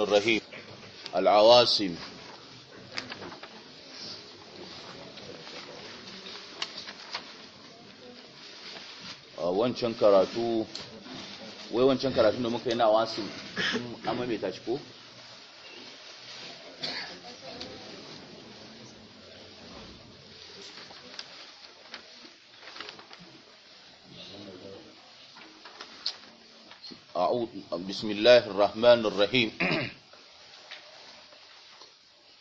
الرهيب العواصم آه، وانشان كراتو وانشان كراتو نمو كينا عواصم أمامي تاشكو بسم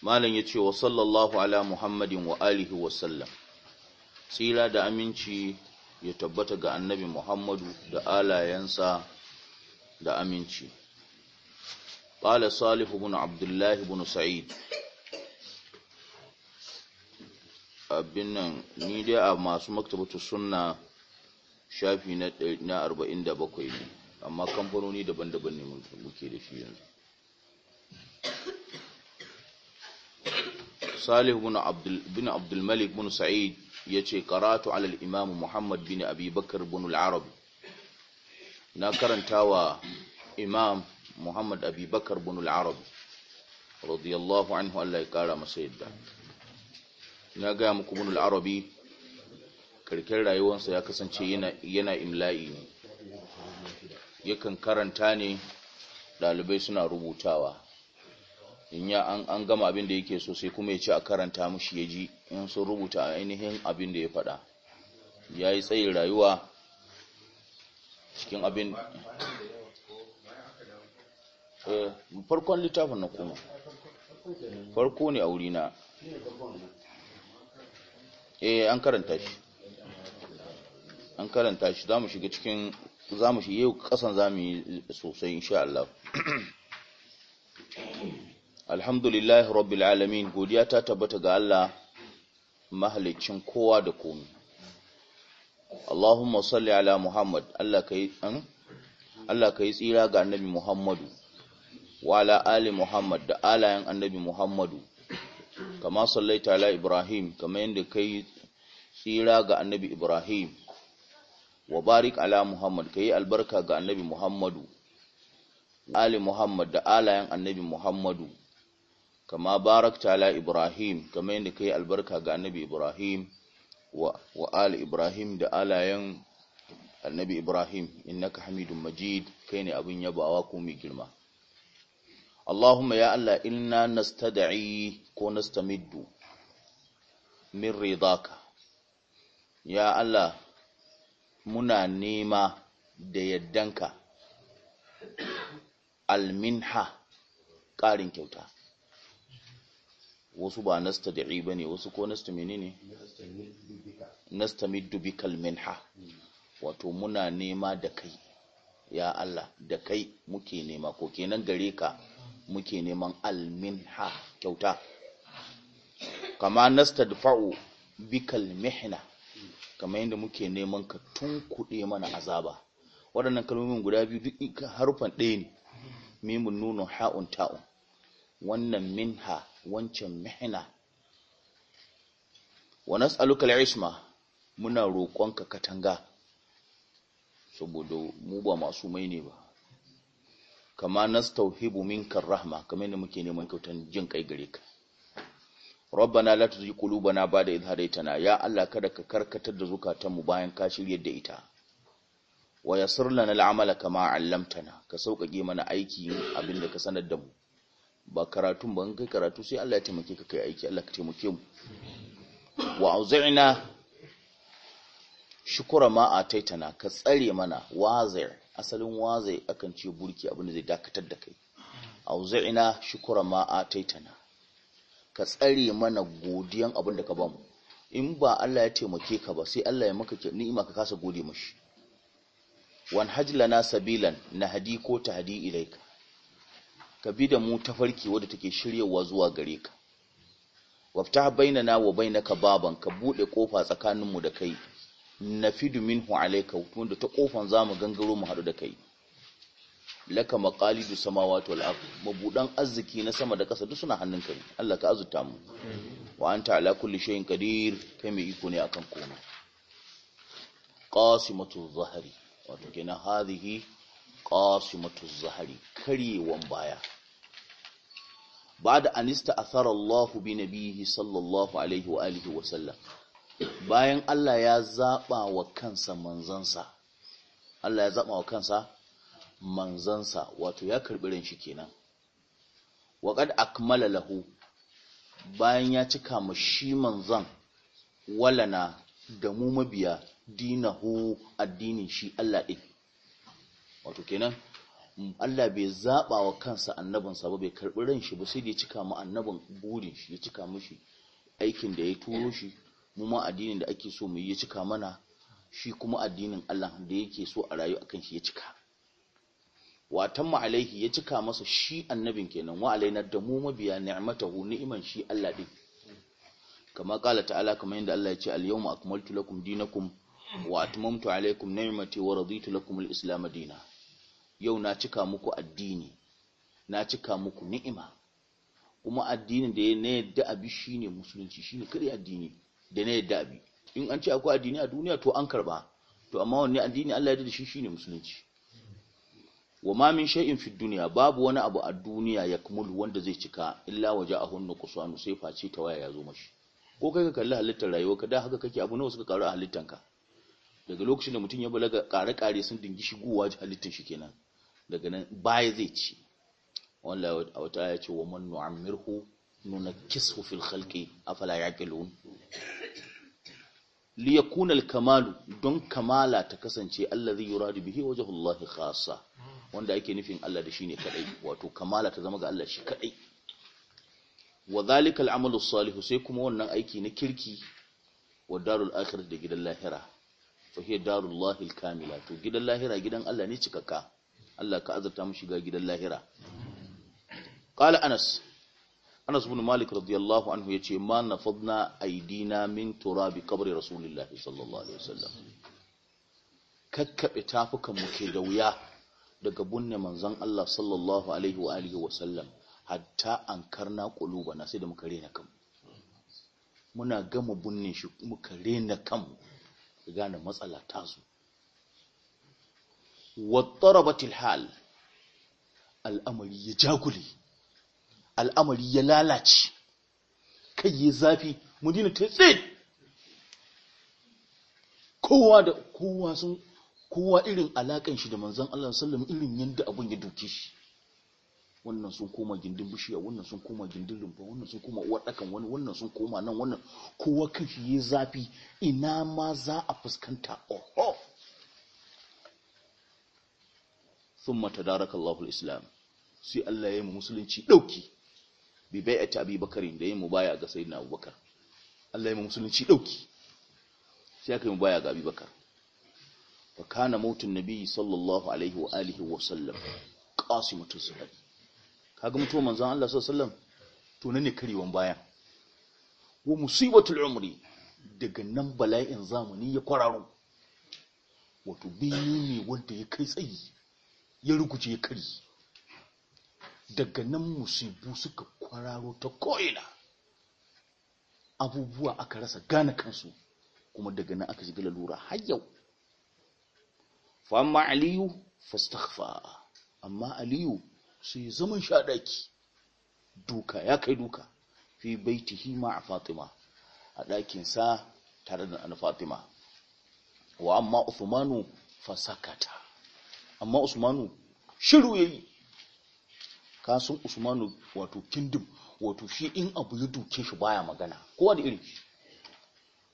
malam ya ce wa sallallahu ala muhammadin wa alihi wa sallam tsira da aminci ya tabbata ga annabi muhammadu da alayensa da aminci ƙala salihu bin abdullahi bin sa'id abin nan ni dai a masu maktabatu suna shafi na 47 ne amma kamfanoni daban-daban ne muke da shi yanzu salih bin abdulmalik bin sa'id ya ce karatu alal imamu muhammad bin abubakar bin al'arab na karanta wa imam muhammad abubakar bin al'arab radiyallahu anhu allah ya kara masa yadda na gaya muku bin al'arabi karkar rayuwarsa ya kasance yana imla'i ne yakan karanta ne ɗalibai suna rubutawa in ya an, an gama abin da yake so sai kuma ya ce a karanta mushi ya ji in sun rubuta ainihin abin da ya faɗa ya yi tsayin rayuwa cikin abin eh, farkon littafin na kuma farko ne a wurina eh an karanta shi an karanta shi za mu shiga cikin za mu shi yau kasan za mu yi sosai insha Allah alhamdulillah rabbil alamin godiya ta tabbata ga Allah mahalicin kowa da komi Allahumma salli ala Muhammad hmm? Allah ka yi tsira ga annabi Muhammadu wa ala ali Muhammad da alayen annabi Muhammadu kama sallaita ala Ibrahim kama yadda ka yi tsira ga annabi Ibrahim wa barik ala Muhammad ka yi albarka ga annabi Muhammadu, Ali Muhammad da alayen annabi Muhammadu, kama barakta ala Ibrahim, kama yadda ka yi albarka ga annabi Ibrahim wa, Ali Ibrahim da alayen annabi Ibrahim, innaka hamidun majid, kai ne abin yabawa ko mai girma. Allahumma ya Allah inna nastada'i ko nastamiddu min ridaka. Ya Allah, muna nema da yaddanka alminha ƙarin kyauta wasu ba nasta da ba ne wasu ko nasta mini ne nasta middubikal minha wato muna nema da kai ya Allah da kai muke nema ko kenan gare ka muke neman alminha kyauta kama nasta dafa'u bikal mihna kamar yadda muke neman ka tun kuɗi mana azaba waɗannan kalmomin guda biyu duk harufan ɗaya ne mimun nuna ha'un ta'un wannan minha wancan mihna wa nas'aluka al muna muna ka katanga saboda mu ba masu mai ne ba kama nastauhibu minkar rahma kamar yadda muke neman kyautan jin kai gare ka rabbana la tuzigh qulubana ba'da idh hadaytana ya Allah kada ka karkatar da zukatanmu bayan ka shiryar da ita wa yassir lana al'amala kama 'allamtana ka sauƙaƙe mana aiki abinda ka sanar da mu ba karatun ba kai karatu sai Allah ya taimake ka kai aiki Allah ka taimake mu wa auzi'na shukura ma ataitana ka tsare mana wazir asalin wazir akan ce burki abinda zai dakatar da kai auzi'na shukura ma ataitana ka tsare mana godiyan abin da ka bamu in ba Allah ya taimake ka ba sai Allah ya maka ni'ima ka kasa gode mashi wan hajlana sabilan nahdi ko tahdi ilaika ka bi da mu tafarki wadda take shiryawa zuwa gare ka waftah bainana wa ka baban ka bude kofa tsakaninmu da kai nafidu minhu alayka wanda ta kofan zamu gangaro mu hadu da kai laka maqalidu samawati wal ard mabudan arziki na sama da kasa duk suna hannunka ne Allah ka azurta mu wa anta ala kulli shay'in qadir kai mai iko ne akan komai qasimatu zahari wato kenan hadhihi qasimatu zahari karyewan baya ba'da anista athara Allah bi nabihi sallallahu alaihi wa alihi wa sallam bayan Allah ya zaba wa kansa manzansa Allah ya zaba wa kansa manzansa wato ya karɓi ran shi kenan wa akmala lahu bayan ya cika mu shi manzan walana da mu mabiya dinahu addinin shi Allah din wato kenan Allah bai zaba wa kansa annabinsa ba bai karbi ran shi ba sai da ya cika ma annabin burin shi ya cika shi, aikin da ya turo shi mu ma addinin da ake so mu yi ya cika mana shi kuma addinin Allah da yake so a rayu akan shi ya cika wa tamma alaihi ya cika masa shi annabin kenan wa alaina da mu mabiya ni'matahu ni'iman shi Allah din kama kala ta'ala kamar yanda Allah ya ce al-yawma akmaltu lakum dinakum wa atmamtu alaikum ni'mati wa raditu lakum al-islam dina yau na cika muku addini na cika muku ni'ima kuma addinin da na yadda abi shine musulunci shine kare addini da na yadda abi in an ce akwai addini a duniya to an karba to amma wannan addini Allah ya yarda da shi shine musulunci wa ma min shay'in fi dunya babu wani abu a duniya ya yakmulu wanda zai cika illa waje a waja'ahu kusanu sai face ta waya ya zo mashi ko kai ka kalli halittar rayuwa, da haka kake abu nawa suka karu a ka daga lokacin da mutum ya balaga kare-kare sun dingi shigowa halittar shi kenan daga nan baya zai ci wallahi a wata ya ce wa man nuna nunakkisu fil khalqi afala yaqilun li yakuna al kamalu don kamala ta kasance allazi yuradu bihi wajhu Allah khassa wanda ake nufin Allah da shi ne kadai wato kamala ta zama ga Allah shi kadai wa zalika al'amalu salihu sai kuma wannan aiki na kirki wa darul akhirah da gidan lahira fa hiya darullahi al-kamila to gidan lahira gidan Allah ne cikakka Allah ka azurta mu shiga gidan lahira qala anas anas ibn malik radiyallahu anhu yace ma nafadna aidina min turabi qabri rasulillahi sallallahu alaihi wasallam kakkabe tafukan mu ke da wuya daga bunne manzon Allah sallallahu alaihi wa alihi wa sallam hatta kuluba na, sai da muka rena kan muna gama bunne shi muka rena kan ka gane matsala ta zo wattarabatil hal al'amari ya jagule al'amari ya lalace kai ya zafi mudina ta tsaye kowa sun kowa irin alaƙan shi da manzan Allah sallam irin yadda abun ya duke shi wannan sun koma gindin bishiya wannan sun koma gindin rumfa wannan sun koma waɗakan wani wannan sun koma nan wannan kowa shi ya zafi ina ma za a fuskanta oho mata daraka Allahul islam sai Allah ya yi musulunci ɗauki, bai bai a tabi Bakarin da ya yi mubaya ga na Abubakar Allah ya yi musulunci ɗauki, sai aka yi mubaya ga Abi Bakar Bakana kana mautun nabi sallallahu alaihi wa alihi wa sallam kaga mutuwar manzon Allah sallallahu alaihi wasallam to ne karewan baya? wa musibatul umri daga nan bala'in zamani ya kwararo wato biyu ne wanda ya kai tsayi ya ruguje ya kari daga nan musibu suka kwararo ta ko'ina abubuwa aka rasa gane kansu kuma daga nan aka shiga lalura har yau fa amma aliyu fastaghfa amma aliyu sai zaman shaɗaki duka ya kai duka fi baitihi ma a fatima a ɗakinsa tare da ana fatima wa amma usmanu fasakata amma usmanu shiru yayi kasan usmanu wato kingdom wato shi in abu ya duke shi baya magana kowa da irin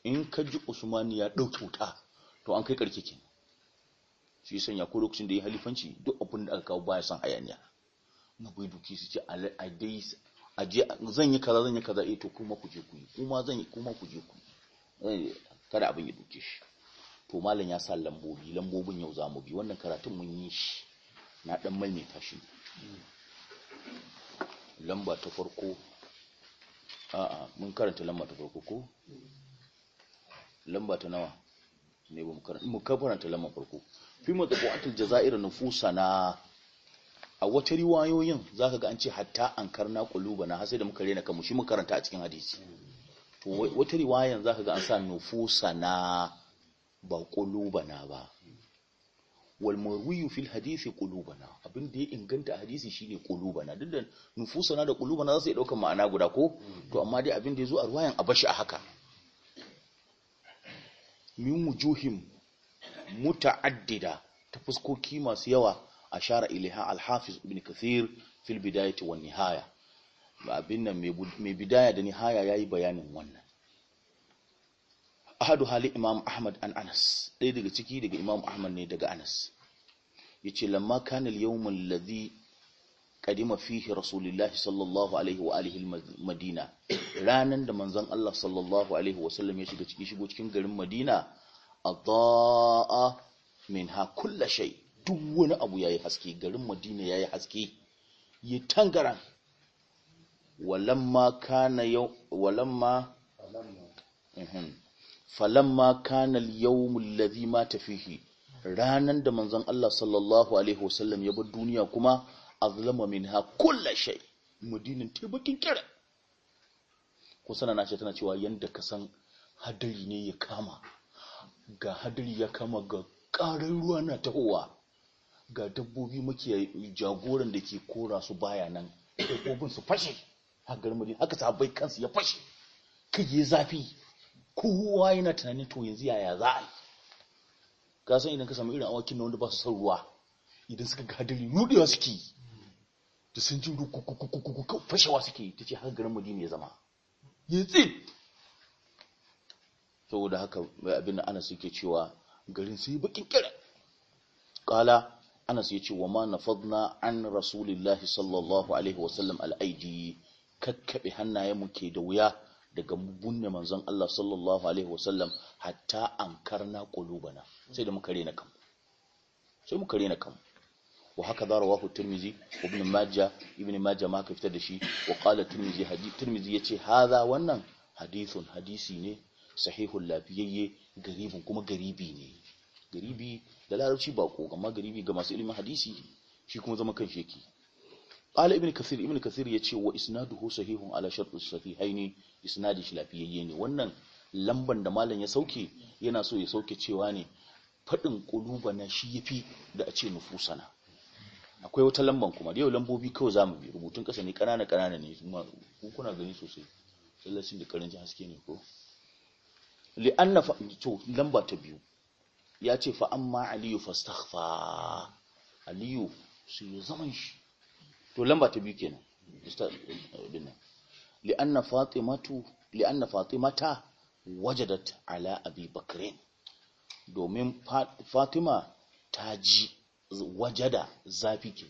in ka ji usmanu ya ɗauke wuta to an kai ƙarƙikin yi sanya ko lokacin da ya halifanci duk abin da aka kawo baya son hayaniya na bai duki su ce a dai je zan yi kaza zan yi kaza eh to kuma ku je ku yi kuma zan yi kuma ku je ku yi eh, kada abin ya duke shi to malam ya sa lambobi lambobin yau za mu bi wannan karatun mun yi shi na dan maimaita shi lamba ta farko a'a mun karanta lamba ta farko ko lamba ta nawa ne ba mu karanta lamar farko fi matsaƙo jazaira nufusa na a wata riwayoyin za ka ga an ce hatta an karna kulubana na sai da muka rena kanmu shi karanta a cikin hadisi to wata riwayan za ka ga an sa nufusa na ba ƙuluba na ba wal marwiyu fil hadisi qulubana abin da ya inganta hadisi shine qulubana duk da nufusana da qulubana za su iya ɗaukar ma'ana guda ko to amma dai abin da ya zo a a abashi a haka min wujuhim muta'addida ta fuskoki masu yawa a ilaiha al-hafiz ibn kathir fil bidayati wan nihaya abin nan mai bidaya da nihaya yayi bayanin wannan ahadu hali imam ahmad an anas ɗaya daga ciki daga imam ahmad ne daga anas yace lamma kana al-yawm alladhi kadima fihi rasulullahi sallallahu alaihi wa alihi madina ranan da manzon Allah sallallahu alaihi wa sallam ya shiga cikin shigo cikin garin Madina adaa minha kullu shay duk wani abu yayi haske garin Madina yayi haske yi tangaran walamma kana yau walamma falamma kana al-yawm alladhi mata fihi ranan da manzon Allah sallallahu alaihi wa sallam ya bar duniya kuma azlama minha kulla shay ta bakin kira kusa na ce tana cewa yanda ka san hadari ne ya kama ga hadari ya kama ga karar ruwa na tahowa ga dabbobi muke jagoran da ke kora su baya nan dabbobin su fashe hagar madina haka sabai kansu ya fashe kaje zafi kowa yana tunanin to yanzu yaya za a ka san idan ka samu irin awakin na wanda ba su son ruwa idan suka ga hadari rudewa suke yi da sun ji rukukukukukuku fashewa suke ta ce haka garin madina ya zama yitsi saboda haka abin da anas yake cewa garin sai bakin kira kala anas ya ce wa ma na nafadna an rasulillahi sallallahu alaihi wasallam al'aiji kakkaɓe hannayenmu ke da wuya daga bunne manzon Allah sallallahu alaihi wasallam hatta an ankarna qulubana sai da muka rena kanmu sai muka rena kanmu wa haka da rawahu tirmizi ibn majah ibn majah ma ka fitar da shi wa qala tirmizi hadith tirmizi yace hadha wannan hadithun hadisi ne sahihul lafiyayye garibin kuma garibi ne garibi da larabci bako amma garibi ga masu ilimin hadisi shi kuma zama kan sheki qala ibn kasir ibn kasir yace wa isnaduhu sahihun ala shartu sahihaini isnadi shi lafiyayye ne wannan lamban da malam ya sauke yana so ya sauke cewa ne faɗin na shi yafi da a ce nufusana akwai wata lamban kuma da yau lambobi kawai za mu bi rubutun ƙasa ne ƙanana ƙanana ne kuma kuna gani sosai lallacin da ƙarancin haske ne ko li'anna fa to lamba ta biyu ya ce fa amma aliyu fastaghfa aliyu su yi zaman shi to lamba ta biyu kenan uh, li'anna fatimatu li'anna fatimata wajadat ala abi bakrin domin fatima ta ji wajada zafi ke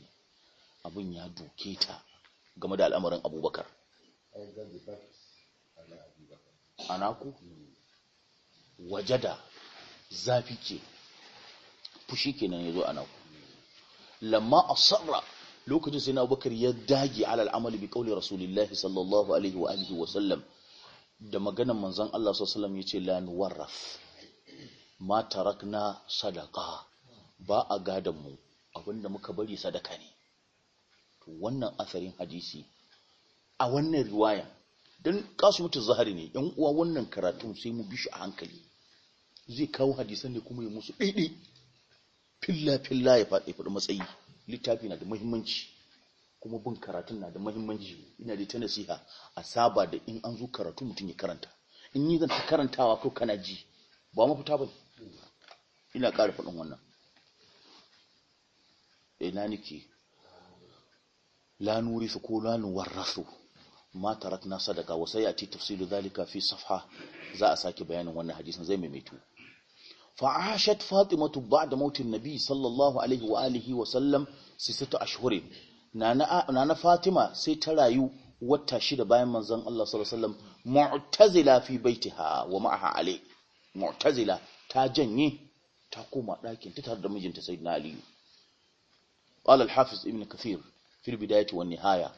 abin ya doke ta game da al'amarin abubakar anaku wajada zafi ke fushi kenan ya zo anaku lamma asarra lokacin sai na abubakar ya dage al'amali bi kauli rasulullahi sallallahu alaihi wa alihi wa sallam da maganan manzon Allah sallallahu alaihi wa sallam yace la nuwarraf ma tarakna sadaqa ba a gadon mu abinda muka bari sadaka ne to wannan asarin hadisi a wannan riwaya dan kasutu zahari ne yan uwa wannan karatun sai mu bi shi a hankali zai kawo hadisan ne kuma ya musu ɗiɗi filla filla ya faɗi faɗi matsayi littafi na da muhimmanci kuma bin karatun na da muhimmanci ina da ta nasiha a saba da in an zo karatu mutum ya karanta in yi zan karantawa ko kana ji ba mafita ba ina ƙara faɗin wannan ina la nurisu ko la rasu? ma tarakna sadaka wa sayati tafsilu dhalika fi safha za a sake bayanin wannan hadisin zai maimaitu fa'ashat fatimatu ba'da mautin nabi sallallahu alaihi wa alihi wa sallam sisatu ashhurin nana nana fatima sai ta rayu wata shida bayan manzon Allah sallallahu alaihi wa sallam mu'tazila fi baitiha wa ma'aha ali mu'tazila ta janye ta koma dakin ta tare da mijinta sayyidina aliyu قال الحافظ ابن كثير في البداية والنهاية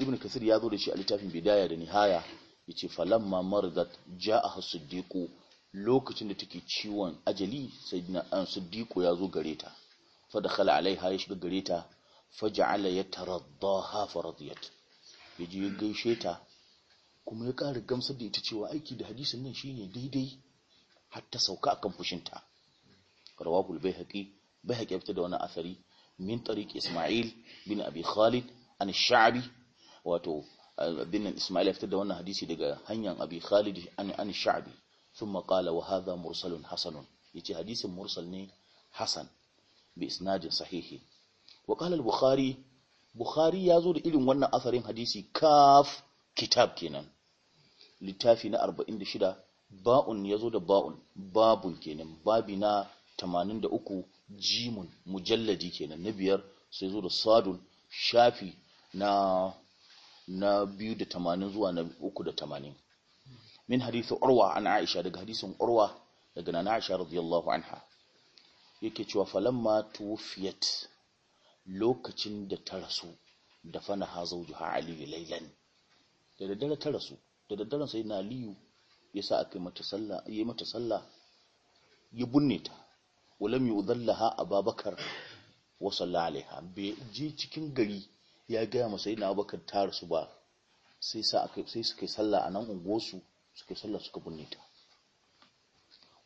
ابن كثير يذو da shi a littafin bidaya da nihaya yace falamma mardat ja'aha siddiqu lokacin da take ciwon ajali sayyidina an siddiqu yazo gare ta fa dakhala alaiha ya shiga gare ta faj'ala yataraddaha faradiyat yaji gaishe ta kuma ya ƙara gamsar da ita cewa aiki da hadisin nan shine daidai har ta sauka akan fushinta rawahu al-baihaqi bai fita da wannan asari min tariq Isma'il bin Abi Khalid an Sha'bi wato bin Isma'il fita da wannan hadisi daga hanyar Abi Khalid an an Sha'bi thumma qala wa hadha mursalun hasanun yace hadisin mursal ne hasan bi isnadin sahihi wa qala al-Bukhari Bukhari ya zo da irin wannan asarin hadisi kaf kitab kenan littafi na 46 ba'un ya zo da ba'un babun kenan babi na 83 jimun mujalladi kenan na biyar sai zo da sadun shafi na na biyu da tamanin zuwa na uku da tamanin min hadisi urwa an aisha daga hadisin urwa daga nana aisha radiyallahu anha yake cewa falamma tufiyat?" lokacin da ta rasu da fana ha zawjuha ali laylan da daddare ta rasu da daddaren sai na aliyu ya sa aka yi mata sallah ya binne ta walam yudallaha ababakar wa sallallahu alaiha bai cikin gari ya gaya masa yana abubakar ta rasu ba sai sa sai suka yi sallah a nan unguwarsu suka yi sallah suka bunne ta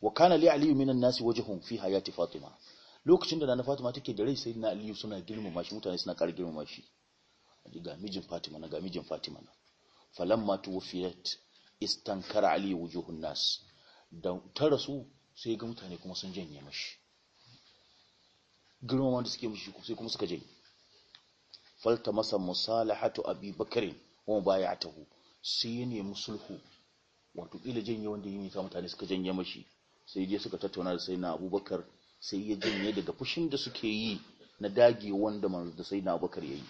wa kana li aliyu minan nasi wajhun fi hayati fatima lokacin da nana fatima take da rai sai na aliyu suna girmama shi mutane suna kar girmama shi ga mijin fatima na ga mijin fatima na falamma tuwfiyat istankara ali wujuhun nas da ta rasu sai ga mutane kuma sun janye mashi girmama da suke mushi sai kuma suka je falta masa musalahatu abi bakarin wa bayatahu sai ya nemi sulhu wato ila janye wanda yi ta mutane suka janye mashi sai je suka tattauna da sayyidina abubakar sai ya janye daga fushin da suke yi na dage wanda manzo da sayyidina abubakar yayi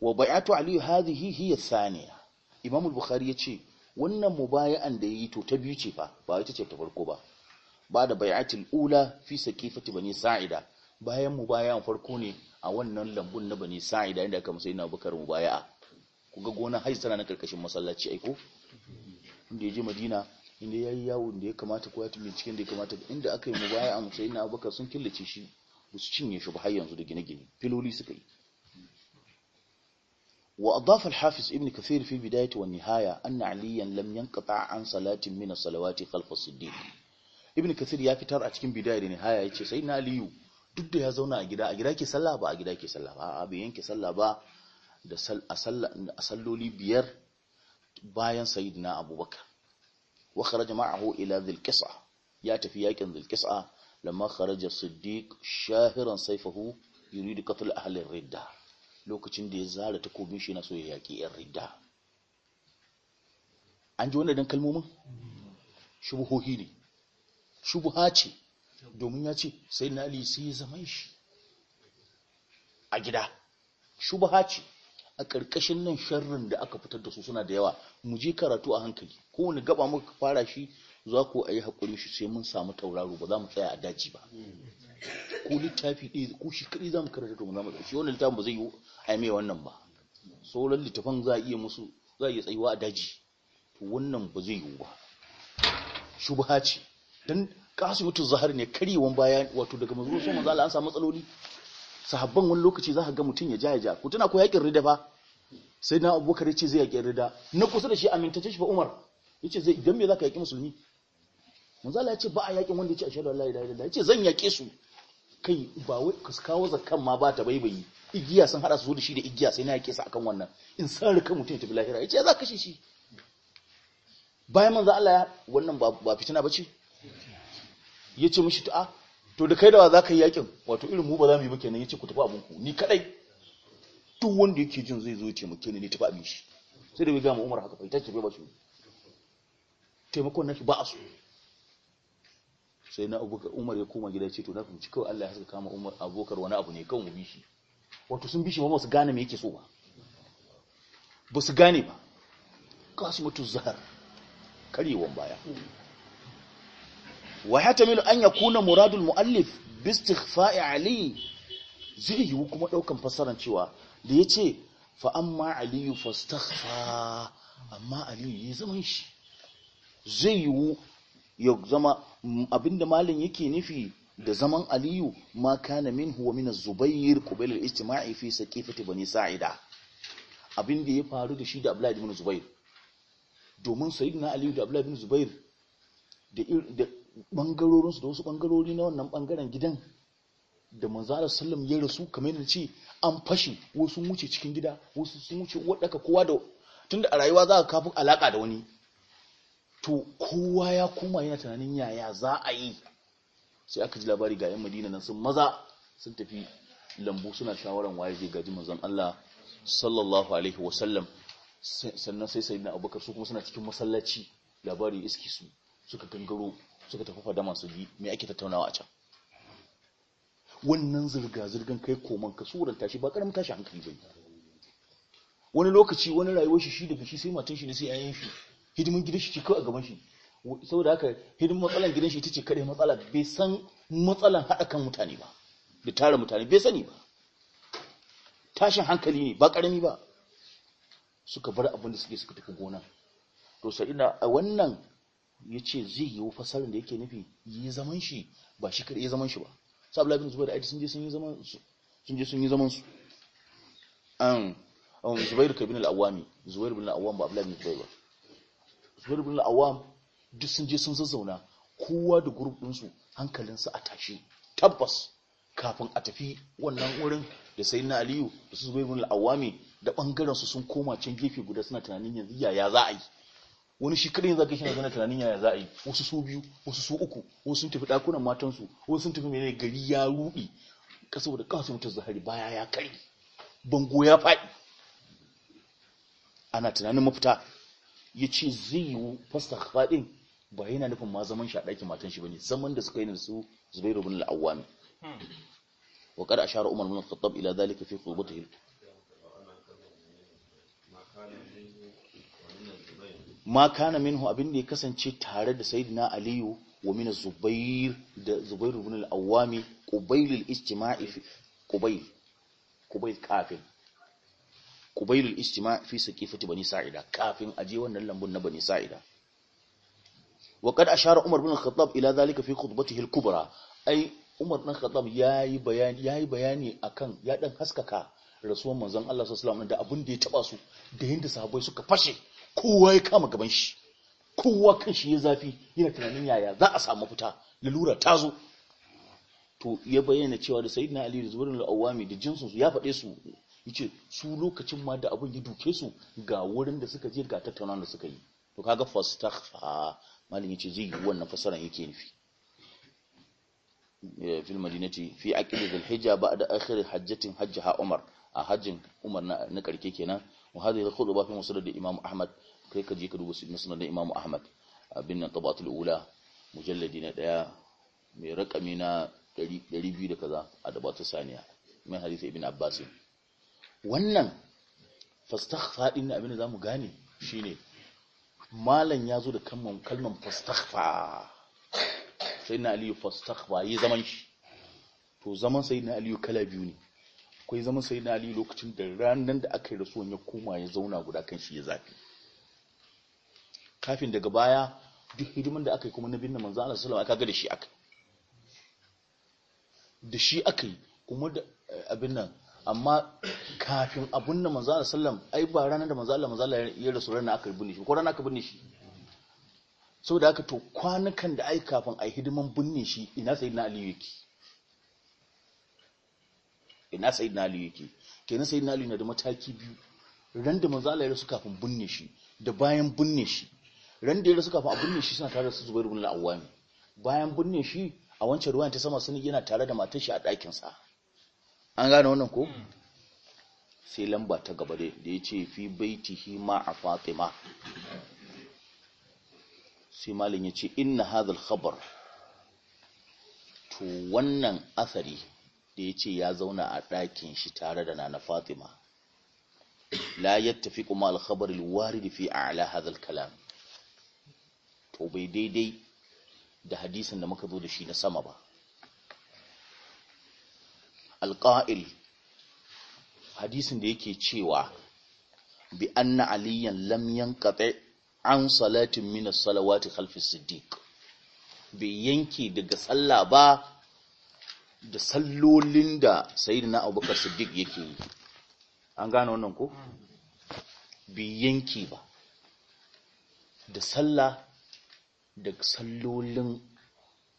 wa bay'atu Aliyu hadhihi hiya thaniya imam al-bukhari yace wannan mubaya'an da yayi to ta biyu ce fa ba ita ce ta farko ba ba da bai'atul ula fi saqifati bani sa'ida bayan mu bayan farko ne a wannan lambun na bani sa'ida inda aka musayi na mu baya kuga gona haisana na karkashin masallaci aiko inda ya je madina inda ya yi yawon da ya kamata ko ya tumi cikin da ya kamata inda aka yi baya a musayin na abubakar sun killace shi ba su cinye shi ba har yanzu da gine-gine filoli suka yi wa adafa al-hafiz ibn kathir fi bidayati wa nihaya anna aliyan lam yanqata an salatin min as-salawati khalf as-siddiq ibn kasir ya fitar a cikin bidaya da nihaya ce sai na aliyu duk da ya zauna a gida a gida ke sallah ba a gida ke sallah ba a bai yanke sallah ba da a salloli biyar bayan sayyidina abubakar wa kharaja ma'ahu ila zilkisa ya tafi yakin zilkis'a lamma kharaja siddiq shahiran sayfahu yuridu qatl ahli ridda lokacin da ya zara takobin shi na so ya yaki yan ridda an ji wannan kalmomin shubuhohi ne shubha ce domin ya ce sai na ali sai ya zama shi a gida shubha ce a ƙarƙashin nan sharrin da aka fitar da su suna da yawa mu je karatu a hankali kowane gaba muka fara shi za ku a yi haƙuri shi sai mun samu tauraro ba za mu tsaya a daji ba ko littafi ɗaya ko shi kaɗai za mu karanta domin za mu ɗauki wani littafin ba zai yi a wannan ba sauran littafan za a iya musu za a iya tsayuwa a daji to wannan ba zai yiwu ba shubha ce dan mutu zahar ne karewan baya wato daga mazuru so manzo an samu matsaloli sahabban wani lokaci za ka ga mutum ya jaja ku tana ko yakin rida fa sai na abubakar yace zai yakin rida na kusa da shi amintacce shi fa umar yace zai idan me zaka yaki musulmi manzo Allah yace ba a yakin wanda yace ashhadu an la ilaha illallah yace zan yake su kai ba wai ka kawo kan ma ba ta baibayi igiya sun hada su da shi da igiya sai na yake a akan wannan in san rika mutum ya tafi lahira yace za ka shi bayan manzo Allah wannan ba fitina bace ya ce mishi ta'a ah, to da kai da wa za ka yi yakin wato irin mu ba za mu yi ba kenan ya ce ku tafi abinku ni kadai duk wanda yake jin zai zo ya taimake ni ne tafi abin shi sai da bai gama umar haka fahimtar tafi ba su taimakon nashi ba a so sai na abokar umar ya koma gida ce to na fahimci kawai Allah ya saka kama umar abokar wani abu ne kawai mu bishi wato sun bishi ba su gane me yake so ba ba su gane ba kasu mutu zahar karyewan baya wa أن an مراد المؤلف muallif علي زي ali zai yiwu kuma ɗaukan fassaran cewa da yace fa amma aliyu fastaghfa amma aliyu ya zaman shi zai yiwu abinda malam yake nufi da zaman aliyu ma kana minhu wa min az-zubayr qabla al-ijtima'i fi saqifati bani sa'ida abinda ya faru da shi da abdullahi ibn zubair domin sayyidina aliyu da abdullahi ibn da bangarorinsu da wasu bangarori na wannan bangaren gidan da manzara sallam ya rasu kamar yadda ce an fashe wasu wuce cikin gida wasu sun wuce waɗaka kowa da tunda a rayuwa za ka kafin alaƙa da wani to kowa ya koma yana tunanin yaya za a yi sai aka ji labari ga 'yan madina nan sun maza sun tafi lambu suna shawaran waye zai gaji manzon Allah sallallahu alaihi wasallam sannan sai sayyidina abubakar su kuma suna cikin masallaci labari iski su suka gangaro suka tafi fadama su ji me ake tattaunawa a can wannan zirga-zirgan kai koman ka suranta shi ba ƙaramin tashi hankali bai wani lokaci wani rayuwar shi shi daga shi sai matan shi ne sai yayin shi hidimin gidan shi kawai a gaban shi saboda haka hidimin matsalan gidan shi ita ce kare matsala bai san matsalan haɗa kan mutane ba da tara mutane bai sani ba tashin hankali ne ba ƙarami ba suka bar abin da suke suka tafi gona to sai ina a wannan ya ce zai yi fasarin da yake nufi yi zaman shi ba shi yi zaman shi ba sabu abu labin zubair aiti sun je sun yi zaman su je sun yi zaman su an zubair ka bin al'awami zubair bin al'awam ba abu labin ba zubair bin al'awam duk sun je sun zazzauna kowa da gurbinsu hankalinsu a tashi tabbas kafin a tafi wannan wurin da sai na aliyu da su Zubairu bin al'awami da ɓangaren su sun koma can gefe guda suna tunanin yanzu ya za a yi wani shi kadai zaka shine na zana tunanin yaya za a yi wasu su biyu wasu su uku wasu sun tafi dakunan matansu wasu sun tafi mene gari ya rubi saboda kasu mutar zahari baya ya kai bango ya faɗi ana tunanin mafita ya ce zai yi fasta faɗin ba yana nufin ma zaman shi a ɗakin matan shi bane zaman da suka yi da su zubairu bin al al'awwami wa qad ashara umar bin khattab ila zalika fi khutbatihi ma kana minhu abin da ya kasance tare da sayyidina aliyu wa min zubair da zubair ibn al-awwami qubayl al-ijtima'i qubayl qubayl kafin qubayl al-ijtima' fi saqifati bani sa'ida kafin aje wannan lambun na bani sa'ida wa qad ashara umar ibn al-khattab ila dhalika fi khutbatihi al-kubra ai umar ibn al-khattab yayi bayani yayi bayani akan ya dan haskaka rasuwan manzon Allah sallallahu alaihi wasallam da abin da ya taba su da yanda sahabbai suka fashe kowa ya kama gaban shi kowa kan shi ya zafi yana tunanin yaya za a samu fita lalura ta zo to ya bayyana cewa da sayyidina ali da zubairul al'awami da jinsun su ya faɗe su yace su lokacin ma da abin ya duke su ga wurin da suka je ga tattaunawa da suka yi to kaga fastaghfa malin yace zai yi wannan fasaran yake nufi fil madinati fi aqidil hijja ba'da akhir hajjatin hajjaha umar a hajjin umar na karke kenan wa hadhihi al-khutba fi musnad imam ahmad kai ka je ka duba musnad imam ahmad abin nan tabat al-ula mujalladi na daya mai rakami na 200 da kaza a dabatu saniya min hadith ibn abbas wannan fastaghfa din abin da zamu gane shine malan yazo da kalman kalman fastaghfa sai na aliyu fastaghfa yi zaman shi to zaman sai na aliyu kala biyu ne akwai zama sai na ali lokacin da ranar da aka yi rasuwan ya koma ya zauna guda kan shi ya zafi kafin daga baya duk hidiman da aka yi kuma na binne manzo Allah sallallahu alaihi wasallam da shi aka da shi aka yi kuma da eh, abin nan amma kafin abun da manzo Allah wasallam ai ba ranar da manzo Allah manzo Allah ya rasu ranar aka binne shi ko ranar aka binne shi saboda haka to kwanukan da ai kafin ai hidiman binne shi ina sayyidina Ali yake ina sayyidina ali yake kenan sayyidina ali na da mataki biyu ran da manzo ya rasu kafin binne shi da bayan binne shi ran da ya rasu kafin a binne shi suna tare da su Zubair ibn al bayan binne shi a wancan ruwan ta sama sun yana tare da matar shi a ɗakin sa an gane wannan ko sai lamba ta gaba da ya ce fi baitihi ma a Fatima sai malin ya ce inna hadhal khabar to wannan asari da ya ce ya zauna a ɗakin shi tare da nana fatima la tafi kuma alkhabar da fi a'la hadha kalam to bai daidai da hadisin da muka zo da shi na sama ba Alƙa’il hadisin da yake cewa bi anna aliyan lamyan yanqati an salatin mina Salawa salawati khalfi siddiq bai yanke daga sallah ba da sallolin da na abubakar siddiq yake yi an gane wannan ko bi yanki ba da sallah da sallolin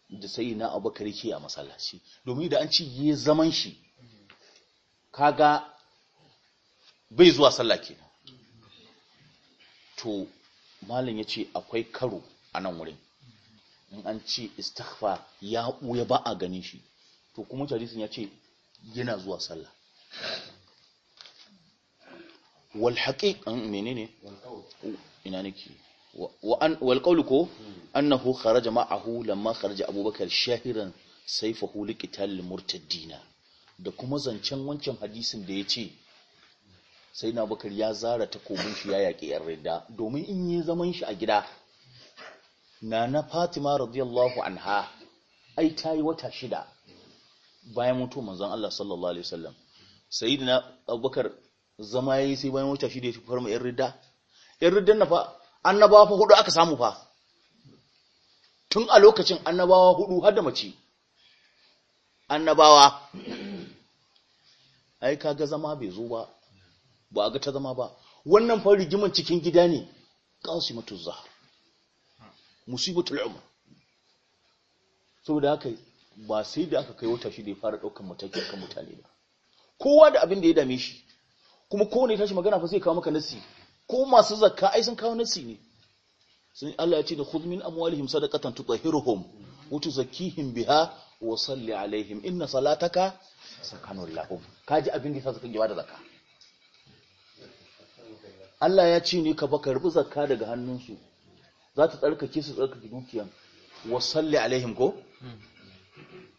da na abubakar yake a masallaci domin da an ci yi zaman shi kaga bai zuwa sallah kenan to malam ce akwai karo a nan wurin in an ce istighfar ya ɓuya ba a ganin shi to kuma hadisin ya ce yana zuwa sallah wal haqiqan menene ina nake wal qawlu ko annahu kharaja ma'ahu lamma kharaja abubakar shahiran sayfahu liqital murtaddina da kuma zancen wancan hadisin da ya ce, sai na ya zara takobin shi ya yaki yan rida domin in yi zaman shi a gida Nana fatima radiyallahu anha ai ta yi wata shida bayan mutu manzon Allah sallallahu alaihi wasallam sayyidina abubakar zama yayi sai bayan wata shi da ya fara mu yan ridda yan riddan na fa annabawa fa hudu aka samu fa tun a lokacin annabawa hudu har da mace annabawa ai kaga zama bai zo ba ba a ga ta zama ba wannan fa rigiman cikin gida ne qasimatu zahar musibatul umr saboda haka ba sai da aka kai wata shi da ya fara ɗaukan mataki akan mutane ba kowa da abin da ya dame shi kuma kowane tashi magana fa sai kawo maka nasi ko masu zakka ai sun kawo nasi ne sun Allah ya ce da khudh min amwalihim sadaqatan tutahhiruhum wa tuzakkihim biha wa salli alaihim inna salataka sakanul lahum kaji abin da yasa ka giwa da zakka Allah ya ce ne ka baka rubu zakka daga hannunsu za ta tsarkake su tsarkake dukiyan wa salli alaihim ko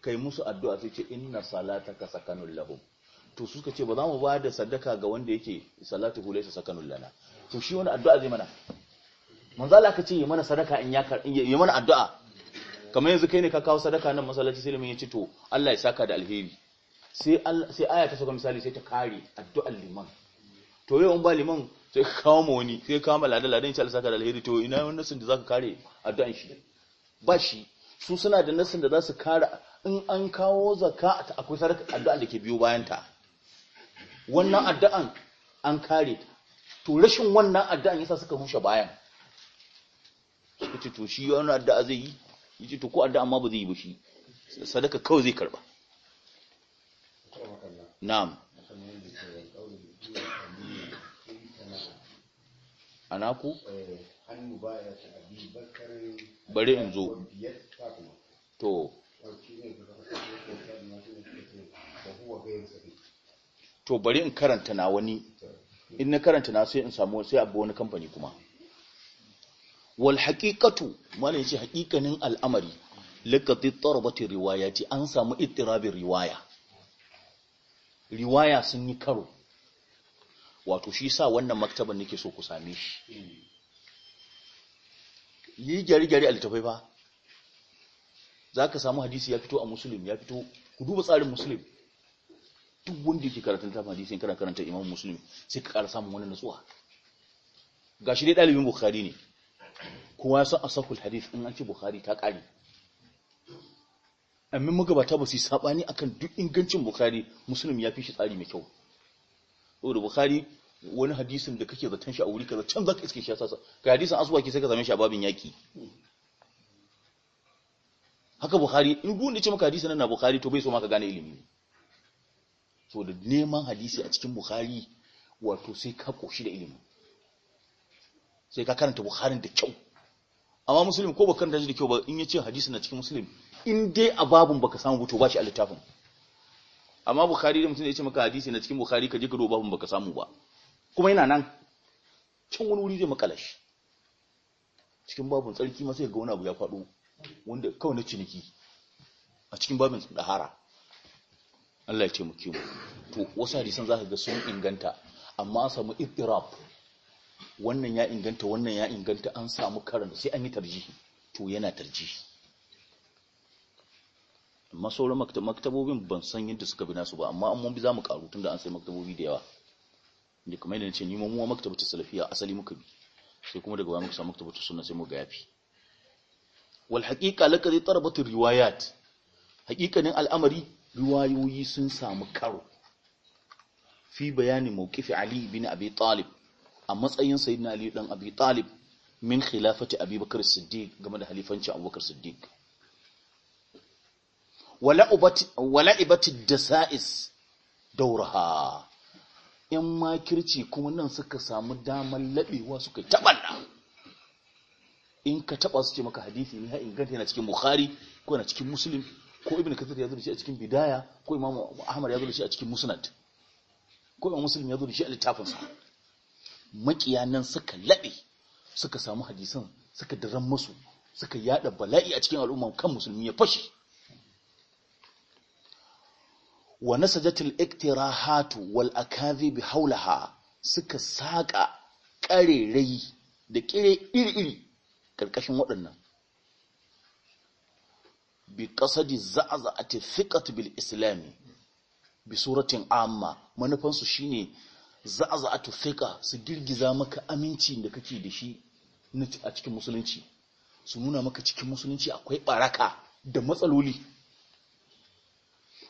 kai musu addu'a sai ce inna salataka sakanul lahum to suka ce ba za mu ba da sadaka ga wanda yake salatu hu laysa sakanul lana to shi wani addu'a zai mana manzo Allah ka ce yi mana sadaka in ya yi mana addu'a kamar yanzu kai ne ka kawo sadaka nan masallaci sai limin ya ce to Allah ya saka da alheri sai sai aya ta saka misali sai ta kare addu'ar liman to yau in ba liman sai ka kawo mu wani sai ka mala da ladan Allah saka da alheri to ina wannan sun da zaka kare addu'an shi ba shi su suna da nasin da za su kare in an kawo zakka akwai sadaka addu'an da ke biyo bayan ta wannan addu'an an kare ta to rashin wannan addu'an yasa suka rushe bayan suka ce to shi wannan addu'a zai yi yace to ko addu'a ma ba zai yi ba shi sadaka kawai zai karba na'am anaku bari in zo to to bari in karanta na wani in na karanta na sai in samu sai abu wani kamfani kuma wal haqiqatu malai ce haqiqanin al'amari liqati riwaya riwayati an samu ittirabin riwaya riwaya sun yi karo wato shi sa wannan maktaban nake so ku same shi yi gyare-gyare a littafai ba za ka samu hadisi ya fito a musulun ya fito ku duba tsarin musulun duk wanda yake karatun littafin hadisi in karanta imam musulun sai ka kara samun wani nutsuwa ga shi dai ɗalibin bukhari ne kuwa san asakul hadis in an ce bukhari ta ƙari amma magabata ba su yi saɓani kan duk ingancin bukhari musulun ya fi shi tsari mai kyau saboda bukhari wani hadisin da kake zaton shi a wuri kaza can za ka iske shi ya sasa ga hadisin asuwa ke sai ka zame shi a babin yaƙi haka bukhari in gun da ce maka hadisi nan na bukhari to bai so maka gane ilimi so da neman hadisi a cikin bukhari wato sai ka koshi da ilimi sai ka karanta Bukhari da kyau amma muslim ko baka karanta shi da kyau ba in ya ce hadisi na cikin muslim in dai a babun baka samu to ba shi a littafin amma bukhari da mutum ya ce maka hadisi na cikin bukhari ka je ka duba babun baka samu ba kuma yana nan can wani wuri zai makalashi cikin babun tsarki ma sai ga wani abu ya faɗo wanda kawai na ciniki a cikin babin dahara Allah ya ce mu kimu to wasu hadisan za ka ga sun inganta amma an samu ibtirab wannan ya inganta wannan ya inganta an samu karanta sai an yi tarjihi to yana tarjihi amma sauran maktabobin ban san yadda suka bi nasu ba amma an mun bi za mu karu tunda an sai maktabobi da yawa da kuma yana ce ni mu maktabatu salafiya asali muka bi sai kuma daga baya muka samu maktabatu sunna sai mu ga yafi Walhaƙiƙa haqiqa laqad tarabatu riwayat haƙiƙanin al'amari riwayoyi sun samu karo fi bayani mawqifi ali bin abi talib a matsayin sayyidina ali dan abi talib min khilafati abubakar siddiq game da halifanci abubakar siddiq wala'ibati sa'is dauraha ‘yan makirci kuma nan suka samu damar laɓewa suka taɓalla in ka taba su ce maka hadisi ne ya inganta yana cikin bukhari ko yana cikin muslim ko ibn kathir ya zo shi a cikin bidaya ko imam ahmad ya zo shi a cikin musnad ko imam muslim ya zo da shi a littafin sa makiya nan suka labe suka samu hadisan suka daran musu suka yada bala'i a cikin al'umma kan musulmi ya fashi wa nasajatul iktirahat wal akadhib hawlaha suka saka karerai da kire iri-iri ƙarƙashin waɗannan bi ƙasadi za a tafiƙat bil islami bi suratin amma manufansu shi ne za a tafiƙa su girgiza maka aminci da kake da shi a cikin musulunci su nuna maka cikin musulunci akwai ɓaraka da matsaloli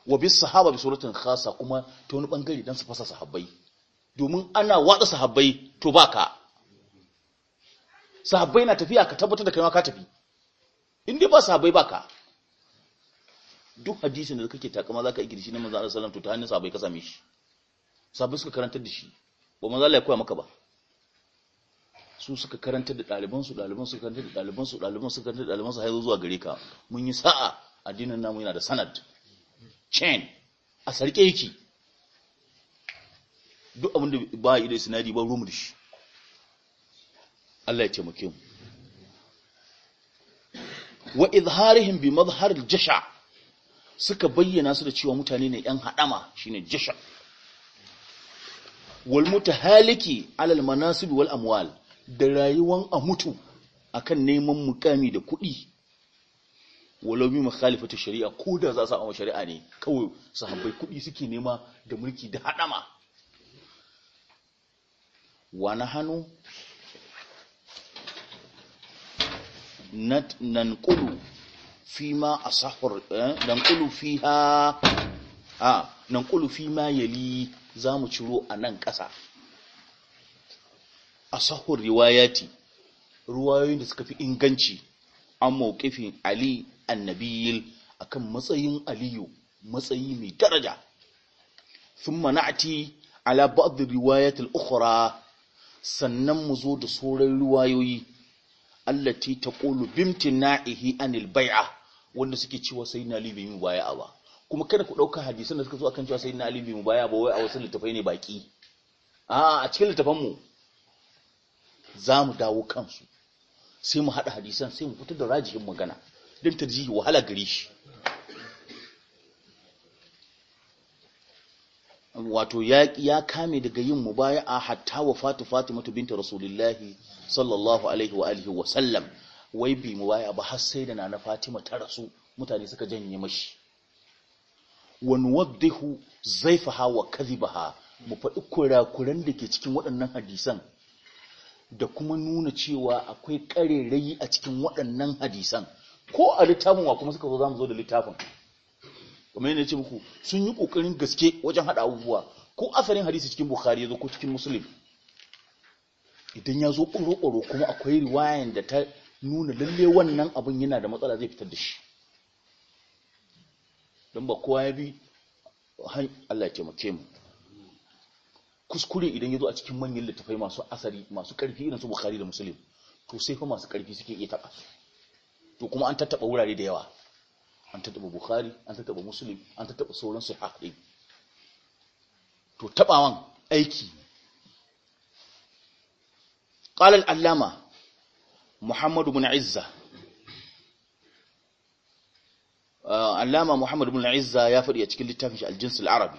wa bi sahaba bi suratin khasa kuma ta wani ɓangare don su fasa sahabbai domin ana watsa sahabbai to baka sahabbai na tafiya ka tabbatar da kai ka tafi in dai ba sahabbai ba ka duk hadisin da kake takama maza ka girshi na maza Allah sallallahu to ta hannun sahabbai ka same shi sahabbai suka karantar da shi ba maza Allah ya koya maka ba su suka karantar da dalibansu dalibansu karantar da dalibansu su karantar da dalibansu su zuwa gare ka mun yi sa'a addinin namu yana da sanad chain a sarke yake duk abin da ba yi idai sinadi ba rumu Allah ya taimake mu wa izharihim bi madhhar al-jasha suka bayyana su da cewa mutane ne yan hadama shine jasha wal mutahaliki ala al-manasib wal amwal da rayuwan a mutu akan neman mukami da kuɗi walau bi mukhalifati shari'a ko da za su amma shari'a ne kawai sahabbai kuɗi suke nema da mulki da hadama wa nahanu nanqulu fima asahur eh, nanqulu fiha a nanqulu fima yali zamu ciro a nan ƙasa asahur riwayati ruwayoyin da suka fi inganci an mawqifin ali annabiyil akan matsayin aliyu matsayi mai daraja thumma na'ti ala ba'd riwayat al sannan mu zo da sauran riwayoyi allati bimtin na'ihi anil bai'a wanda suke cewa sai na libi mu baya ba kuma kada ku ɗauka hadisan da suka zo akan cewa sai na bai mu baya ba wai a wasu littafai ne baki a a cikin littafan mu za mu dawo kansu sai mu haɗa hadisan sai mu fitar da rajihin magana don tarjihi wahala gare shi wato ya kame daga yin a hatta wa fatu fatimatu binta rasulullahi sallallahu alaihi wa alihi wa sallam wai bi mubaya ba har sai da nana fatima ta rasu mutane suka janye mashi wa zai zaifaha wa ha mu faɗi kurakuran da ke cikin waɗannan hadisan da kuma nuna cewa akwai ƙarerayi a cikin waɗannan hadisan ko a littafin wa kuma suka zo mu zo da littafin kamar yana ce muku sun yi kokarin gaske wajen hada abubuwa ko asalin hadisi cikin bukhari yazo ko cikin muslim idan ya zo ƙoro-ƙoro kuma akwai riwayan da ta nuna lalle wannan abin yana da matsala zai fitar da shi don ba kowa ya bi Allah ya taimake mu kuskure idan ya zo a cikin manyan littafai masu asari masu ƙarfi irin su bukhari da muslim to sai fa masu ƙarfi suke iya taɓa to kuma an tattaɓa wurare da yawa an ta taba bukhari an ta taba muslim an ta taba sauran su haɗe to tabawan aiki ƙalar ah, allama muhammadu bin izza allama muhammadu bin izza ya faɗi a cikin littafin shi aljinsul arabi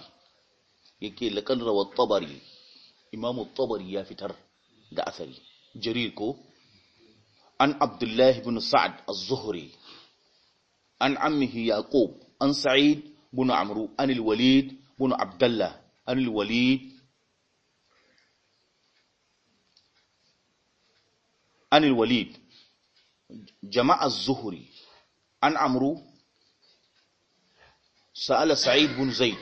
yake laƙanar wa tabari imamu tabari ya fitar da asali jarir ko an abdullahi bin sa'ad az-zuhri an amihi yaqub an sa'id bin amru an al-walid bin abdullah an al-walid an al-walid jama'a az-zuhri an amru sa'ala sa'id bin zaid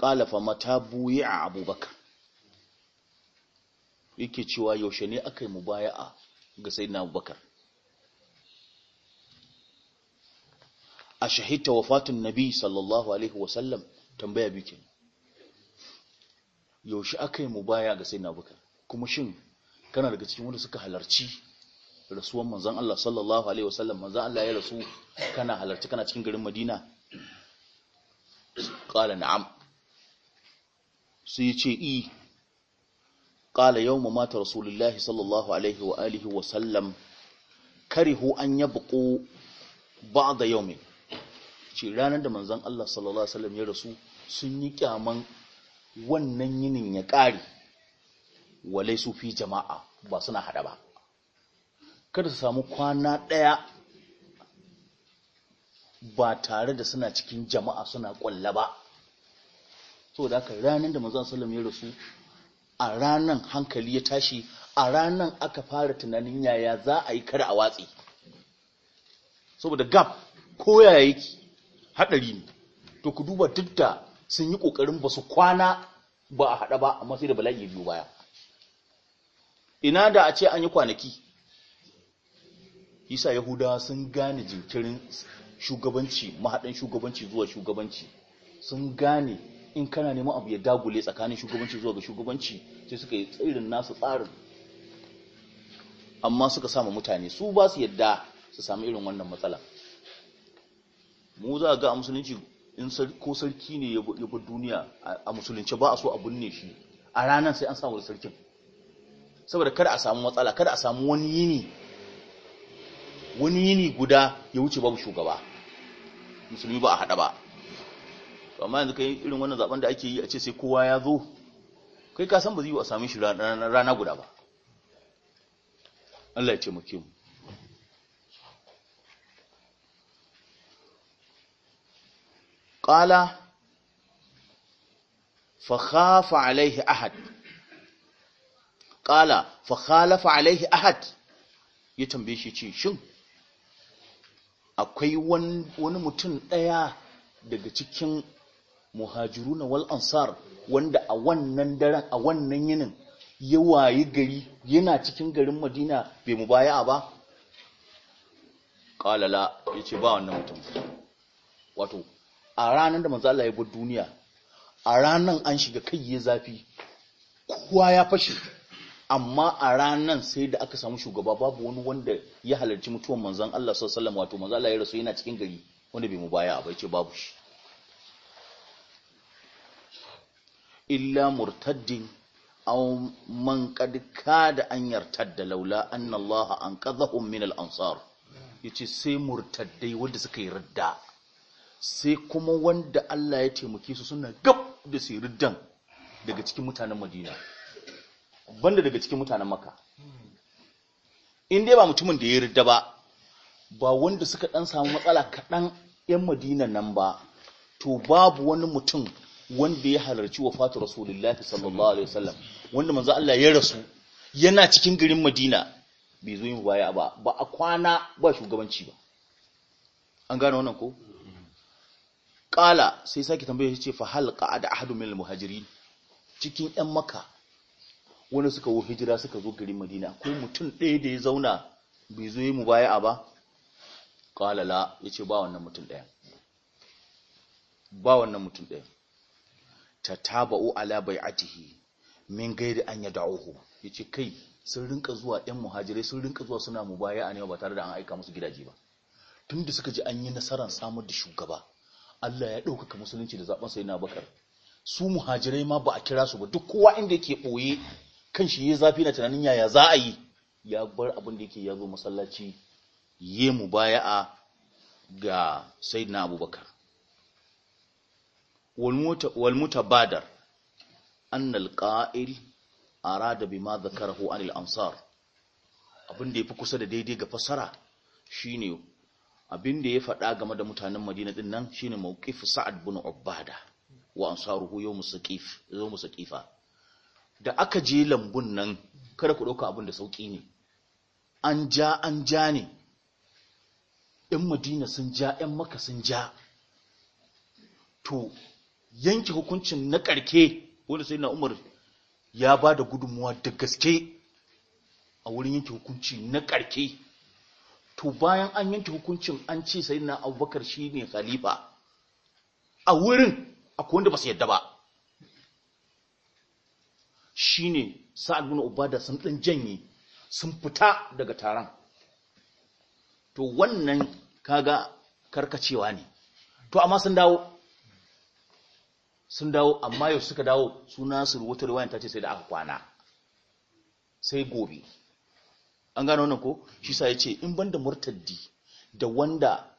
qala fa mata buya abubakar yake cewa yaushe ne aka yi mubaya'a ga sayyidina abubakar a shahidta wafatun nabi sallallahu alaihi wasallam tambaya bikin yaushe aka yi mu baya ga sai na kuma shin kana daga cikin wanda suka halarci rasuwan manzan Allah sallallahu alaihi wasallam manzan Allah ya rasu kana halarci kana cikin garin Madina qala na'am sai ya ce i qala yawma mata rasulullahi sallallahu alaihi wa alihi wa sallam karihu an da yau mai. ce ranar da manzan Allah sallallahu alaihi wasallam ya rasu sun yi kyaman wannan yinin ya ƙare walai su fi jama'a ba suna hada ba kada su samu kwana ɗaya ba tare da suna cikin jama'a suna ƙwalla ba so da aka ranar da manzon sallam ya rasu a ranar hankali ya tashi a ranar aka fara tunanin yaya za a yi kar a watsi saboda gab ko yaya yake hadari ne to ku duba duk da sun yi kokarin ba su kwana ba a hada ba amma sai da bala'i biyu baya ina da a ce an yi kwanaki isa yahudawa sun gane jinkirin shugabanci mahaɗan shugabanci zuwa shugabanci sun gane in kana neman abu ya dagule tsakanin shugabanci zuwa ga shugabanci sai suka yi tsirin nasu tsarin amma suka samu mutane su ba su yadda su sami irin wannan matsala mu za ga a musulunci in ko sarki ne ya bar duniya a musulunci ba a so a binne shi a ranar sai an samu da sarkin saboda kada a samu matsala kada a samu wani yini wani yini guda ya wuce babu shugaba musulmi ba a hada ba amma yanzu kai irin wannan zaben da ake yi a ce sai kowa ya zo kai ka san ba zai yi a sami shi rana guda ba Allah ya ce mu ƙala fakhafa alaihi ahad ƙala fakhalafa alaihi ahad ya tambaye shi ce shin akwai wani mutum ɗaya daga cikin muhajiruna wal ansar wanda a wannan daren a wannan yinin ya wayi gari yana cikin garin madina bai mu baya ba ƙalala ya ce ba wannan mutum wato a ranar da manzo Allah ya bar duniya a ranar an shiga kai ya zafi kowa ya fashe amma a ranar sai da aka samu shugaba babu wani wanda ya halarci mutuwan manzon Allah sallallahu alaihi wato manzo Allah ya rasu yana cikin gari wanda bai mu baya ba yace babu shi illa murtaddin aw man qad kada an da laula anna Allah anqadhahum min al-ansar yace sai murtaddai wanda suka yi radda sai kuma wanda Allah ya taimake su suna gab da siriddan daga cikin mutanen Madina banda daga cikin mutanen Makka in dai ba mutumin da ya ridda ba ba wanda suka dan samu matsala kaɗan 'yan Madina nan ba to babu wani mutum wanda ya halarci wafatu Rasulullahi sallallahu alaihi wasallam wanda manzo Allah ya rasu yana cikin garin Madina bai zo yin baya ba ba a kwana ba shugabanci ba an gane wannan ko ƙala sai sake tambaye shi ce fa halqa ada ahadu min muhajirin cikin ƴan maka wani suka wo hijira suka zo garin madina ko mutum ɗaya da ya zauna bai zo yi mubaya'a ba Ƙalala la yace ba wannan mutum ɗaya ba wannan mutum ɗaya Ta taba'u ala bai'atihi min gairi an yada'uhu yace kai sun rinka zuwa ɗan muhajirai sun rinka zuwa suna mubaya'a ne ba tare da an aika masu gidaje ba tunda suka ji an yi nasarar samar da shugaba Allah ya ɗaukaka musulunci da zaɓen sai na bakar su muhajirai ma ba a kira su ba duk kowa inda yake ɓoye kan shi ya zafi na tunanin yaya za a yi ya bar abin da yake ya zo masallaci ya mu a ga sayyidina abubakar annal mutabadar an alqa'il arada ma zakarahu anil ansar abin da ya fi kusa da daidai ga fasara shine abin da ya faɗa game da mutanen madina ɗin nan shine mawqif sa'ad bin obada wa sa ruhu yau musa ƙifa da aka je lambun nan kada ku ɗauka abin da sauki ne an ja an ja ne Yan madina sun ja yan maka sun ja to yanke hukuncin na ƙarke wanda sai na umar ya ba da gudunmuwa da gaske a wurin yanke hukunci na ƙarke to bayan an yanke hukuncin an ce na abubakar shi ne khalifa a wurin akwai wanda ba su yadda ba shine sa'ad bin ubada sun ɗan janye sun fita daga taron to wannan kaga karkacewa ne to amma sun dawo sun dawo amma yau suka dawo suna su rubuta riwayar ta ce sai da aka kwana sai gobe an gano wannan ko shi sa ya ce in banda murtaddi da wanda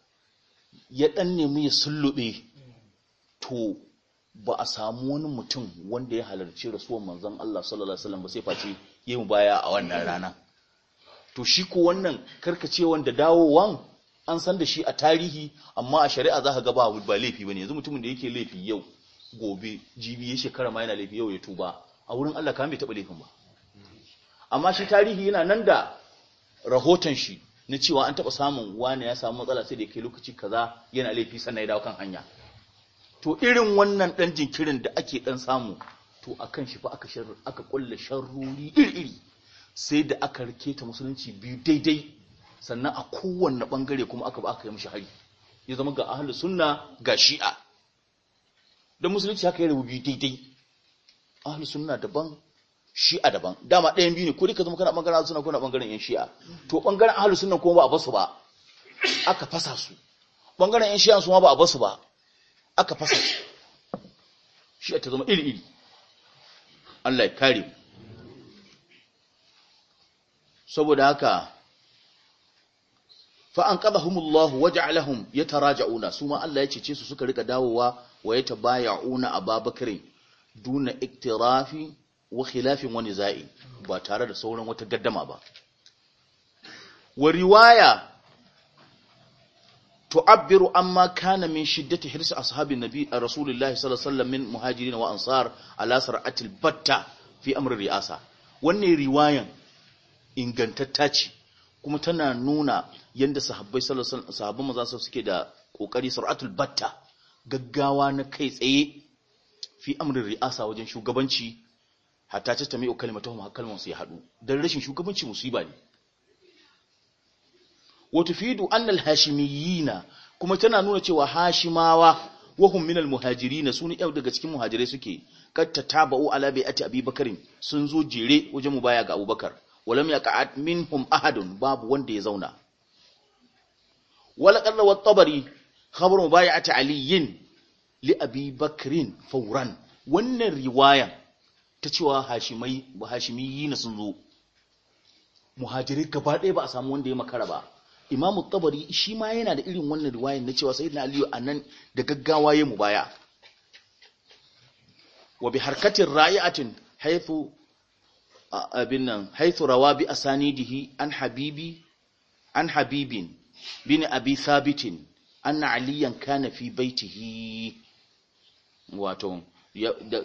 ya dan nemi ya sullube to ba a samu wani mutum wanda ya halarci rasuwan manzon Allah sallallahu alaihi wasallam ba sai face yi mu baya a wannan rana to shi ko wannan karkacewan wanda dawowan an san da shi a tarihi amma a shari'a za ka ga ba ba laifi bane yanzu mutumin da yake laifi yau gobe jibi ya shekara ma yana laifi yau ya tuba a wurin Allah kan bai taba laifin ba amma shi tarihi yana nan da rahoton shi na cewa an taɓa samun wani ya samu matsala sai da ke lokaci kaza yana laifi sannan ya dawo kan hanya to irin wannan ɗan jinkirin da ake ɗan samu to akan shi fa aka sharru aka ƙulla sharruri iri-iri sai da aka rike ta musulunci biyu daidai sannan a kowanne bangare kuma aka ba aka yi mishi hari ya zama ga ahlus sunna ga shi'a dan musulunci aka yi rabu biyu daidai ahlus sunna daban shi'a daban dama ɗayan biyu ne ko duka zama kana ɓangaren ahlus ko na ɓangaren yan shi'a to ɓangaren ahlus sunna kuma ba a basu ba aka fasa su ɓangaren yan shi'a su ma ba a basu ba aka fasa su shi'a ta zama iri iri Allah ya kare mu saboda haka fa an qabahumullahu waj'alahum yataraja'una ma Allah ya cece su suka rika dawowa wa yatabaya una ababakrin duna iktirafi wa khilafin wani za'i ba tare da sauran wata gaddama ba wa riwaya tu'abbiru amma kana min shiddati hirsi ashabin nabi rasulullahi sallallahu alaihi wasallam min muhajirin wa ansar ala sar'atil batta fi amri ri'asa wannan riwayan ingantatta ce kuma tana nuna yadda sahabbai sallallahu alaihi suke da kokari sar'atul batta gaggawa na kai tsaye fi amrin ri'asa wajen shugabanci hatta ta tamiyu kalmatuhum kuma kalman su ya hadu dan rashin shugabanci musiba ne wa tufidu annal hashimiyina kuma tana nuna cewa hashimawa wahum minal muhajirin sun yau daga cikin muhajirai suke katta tabau ala bai'ati abubakarin sun zo jere wajen mubaya ga abubakar walam yaqa'at minhum ahadun babu wanda ya zauna wala qarra wa tabari khabaru mubayati aliyin li abubakarin fawran wannan riwayan ta cewa hashimi ba hashimiyi na sun zo muhajirai gaba ɗaya ba a samu wanda ya makara ba imamu tabari shi ma yana da irin wannan riwayan na cewa sayyidina aliyu a nan da gaggawa ya mu baya wa bi harkatin ra'iatin haifu abin nan haifu rawa bi a an habibi an habibin bin abi sabitin an na aliyan kana fi baitihi wato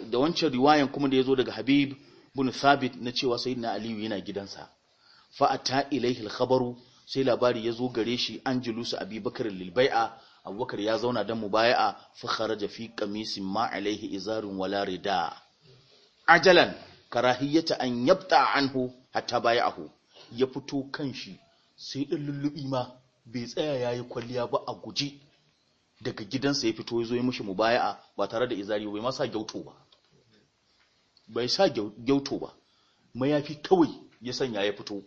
da wancan riwayan kuma da ya zo daga habib bin sabit na cewa sayyidina aliyu yana gidansa fa’ata ilaihil khabaru sai labari ya zo gare shi an julusu abubakar lil abubakar ya zauna dan baya a fahara jafi kamisin ma alaihi Izarin wala rida ajalan karahiyata an yabta anhu hatta ahu. ya fito kan shi sai ɗan lullubi ma bai tsaya ya yi kwalliya ba a guji daga gidansa ya fito ya zo ya mishi mubaya'a ba tare da izari bai masa sa gyauto ba bai sa gyauto ba mayafi kawai ya sanya ya fito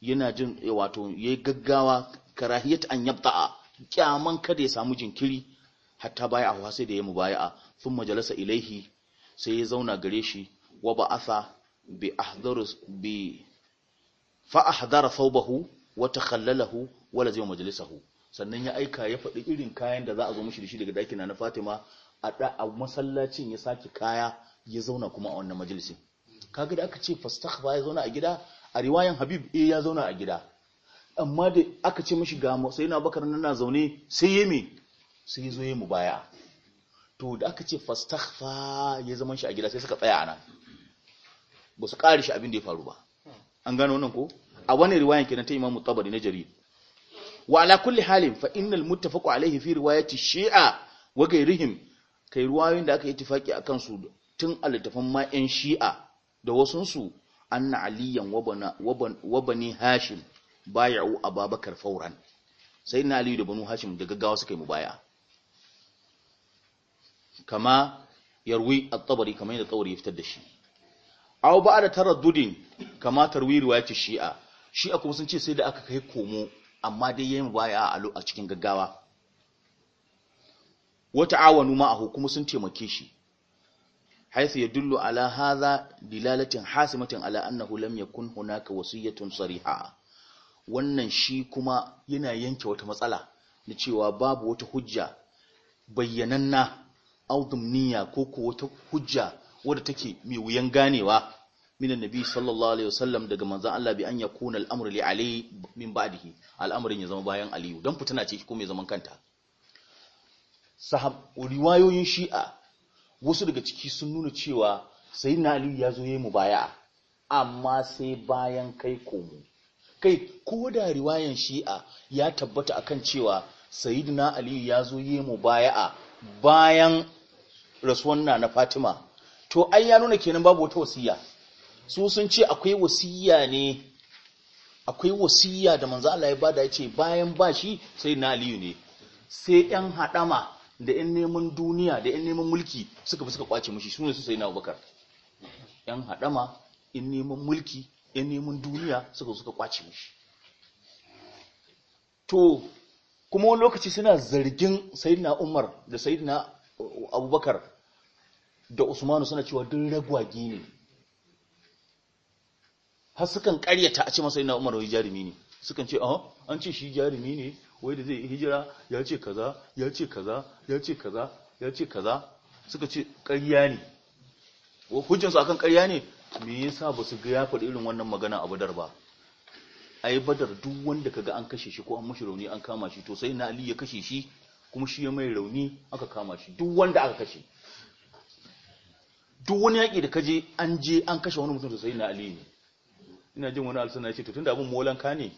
yana jin eh, wato yayi gaggawa karahiyat an yabta'a kyaman kada ya samu jinkiri hatta baya a wasai da ya mubaya'a sun majalasa ilaihi sai ya zauna gare shi wa asa bi ahdharus bi fa ahdara thawbahu wa takhallalahu wa Majalisa majlisahu sannan ya aika ya faɗi irin kayan da za a zo mushi da shi daga dakina na Fatima a masallacin ya sake kaya ya zauna kuma a wannan majalisin kaga da aka ce fastaghfa ya zauna a gida a riwayan Habib eh ya zauna a gida amma da aka ce mishi ga Sayyidina Bakar nan na zaune sai ya sai ya zo ya baya. to da aka ce fastaghfa ya zama shi a gida sai suka tsaya anan ba su kare shi abin da ya faru ba an gano wannan ko a wani riwayan kenan ta Imam Tabari na Jarir wa ala kulli halin fa innal muttafaqu alayhi fi riwayati shi'a wa ghayrihim kai ruwayoyin da aka yi tafaki akan su tun a ma yan shi'a da wasun su anna aliyan wa bani hashim bay'u ababakar fauran sai na da banu hashim da gaggawa suka yi mubaya kama yarwi at-tabari kamar yadda ya fitar da shi aw ba da taraddudin kama tarwi riwayati shi'a shi'a kuma sun ce sai da aka kai komo amma dai yayin baya a cikin gaggawa wata awanu aho kuma sun taimake shi haisu yadullu ala hadha dilalatin hasimatin ala annahu lam yakun hunaka wasiyatun sariha wannan shi kuma yana yanke wata matsala na cewa babu wata hujja bayyananna audumniya ko ko wata hujja wadda take mai wuyan ganewa minan nabi sallallahu alaihi wasallam daga manzon Allah bi an yakuna al-amru li ali min ba'dihi ya zama bayan aliyu dan fitana ce ko mai zaman kanta sahab riwayoyin shi'a wasu daga ciki sun nuna cewa sayyidina ali ya zo yayin mubaya'a amma sai bayan kai komo kai ko da riwayan shi'a ya tabbata akan cewa sayyidina ali ya zo yayin mubaya'a bayan rasuwan na na fatima to ai ya nuna kenan babu wata wasiya su sun ce akwai wasiya ne akwai wasiya da manzo Allah ya bada ya ce bayan ba shi sai na aliyu ne sai yan hadama da yan neman duniya da yan neman mulki suka fi suka kwace mushi su ne su sai na abubakar yan hadama yan neman mulki yan neman duniya suka suka kwace mushi to kuma wani lokaci suna zargin sayyidina umar da sayyidina abubakar da usmanu suna cewa duk ragwage ne har sukan karyata a ce masa ina umar wai jarumi ne sukan ce aho an ce shi jarumi ne wai da zai hijira ya ce kaza ya ce kaza ya ce kaza ya ce kaza suka ce karya ne hujjansu akan karya ne me yasa ba su ga ya faɗi irin wannan magana a badar ba ai badar duk wanda kaga an kashe shi ko an mashi rauni an kama shi to sai na ali ya kashe shi kuma shi ya mai rauni aka kama shi duk wanda aka kashe duk wani yaƙi da kaje an je an kashe wani mutum sosai sai na ali ne ina jin wani alsana ce to da abin molanka ne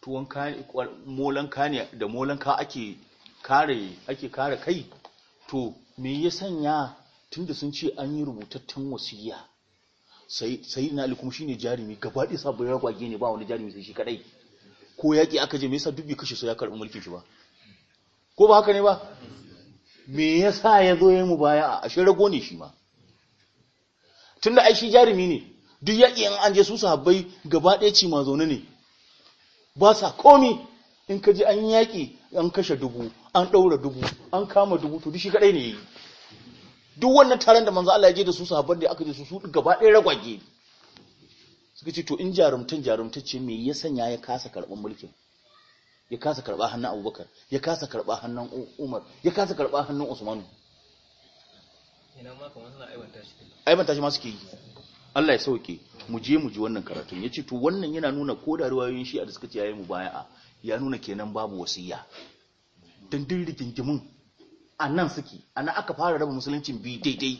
tuwon molanka ne da molanka ake kare kai to me ya sanya tunda sun ce an yi rubutattun wasiya sai na alikun shi ne jarumi gaba ɗaya sabon kwage ne ba wani jarumi sai shi kadai ko yaƙi aka je me sa duk kashe su ya karɓi mulkin shi ba ko ba haka ne ba me ya sa ya zo ya yi mu baya a ashe rago ne shi ma da ai shi jarumi ne duk yaƙi in an je su sahabbai gaba ɗaya ci ma zaune ne ba sa komi in ka ji an yaƙi an kashe dubu an ɗaura dubu an kama dubu to shi kaɗai ne yi duk wannan taron da manzo Allah ya je da su sahabban da aka je su su gaba ɗaya ragwage suka ce to in jarumtan jarumtacce me ya sanya ya kasa karɓar mulkin ya kasa karɓa hannun Abubakar ya kasa karɓa hannun Umar ya kasa karɓa hannun Usmanu? ina ma kamar suna aibanta shi aibanta shi ma suke yi Allah ya sauke mu je mu ji wannan karatun yace to wannan yana nuna ko da ruwayoyin shi a da suka ce yayi mubaya'a ya nuna kenan babu wasiya dan din rigingimin a suke ana aka fara raba musuluncin bi daidai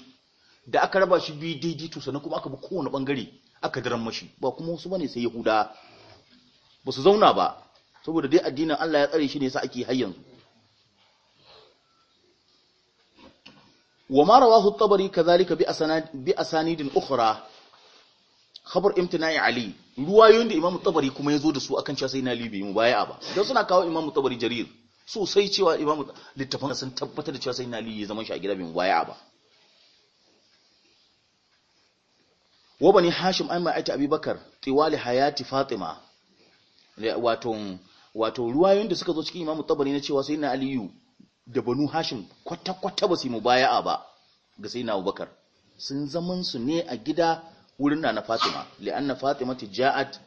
da aka raba shi bi daidai to sanan kuma aka bi kowane bangare aka daren mashi ba kuma wasu bane sai yahuda ba su zauna ba saboda dai addinin Allah ya tsare shi ne yasa ake har yanzu kadhalika bi asanid bi asanidin ukhra khabar imtina'i ali ruwayoyin da imamu tabari kuma ya zo da su akan cewa sai na ali bai baya ba don suna kawo imamu tabari jarir sosai cewa imamu littafin sun tabbatar da cewa sai na ali ya zama shi a gida bai mu baya ba wa bani hashim an ma'aita abubakar tiwali hayati fatima wato wato ruwayoyin da suka zo cikin imamu tabari na cewa sai na aliyu da banu hashim kwata-kwata ba su yi baya ba ga sai na abubakar sun zaman su ne a gida wurin na Fatima na Fatima ta ja'at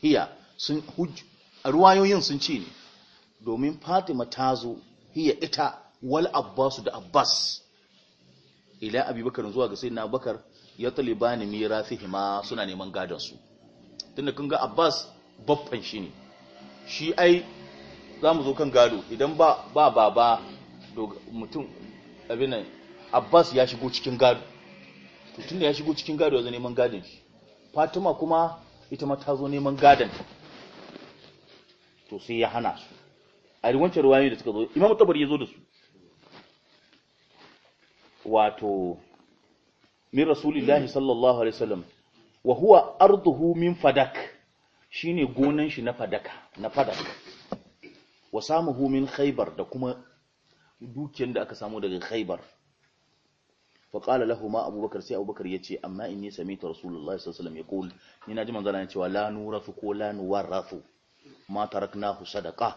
hiya sun a ruwayoyin sun ce ne domin Fatima ta zo hiya ita wal Abbasu da Abbas ila Abubakar zuwa ga na bakar ya mira hima suna neman gadon su tunda kun ga Abbas babban shi ne shi ai za mu zo kan gado idan ba ba baba mutum abinan Abbas ya shigo cikin gado to tunda ya shigo cikin gado ya neman gadon shi fatima kuma ita ma ta zo neman gadon to sai ya hana su a wancan ruwayoyi da suka zo imam tabari ya zo da su wato min rasulillahi sallallahu alaihi wasallam wa huwa arduhu min fadak shine gonan shi na fadaka na fadak wa samuhu min khaybar da kuma dukiyar da aka samu daga khaybar fa qala lahu ma abubakar sai abubakar yace amma inni sami'tu rasulullahi sallallahu alaihi wasallam yaqul ni naji manzon Allah cewa la nurathu ko la nuwarathu ma taraknahu sadaqa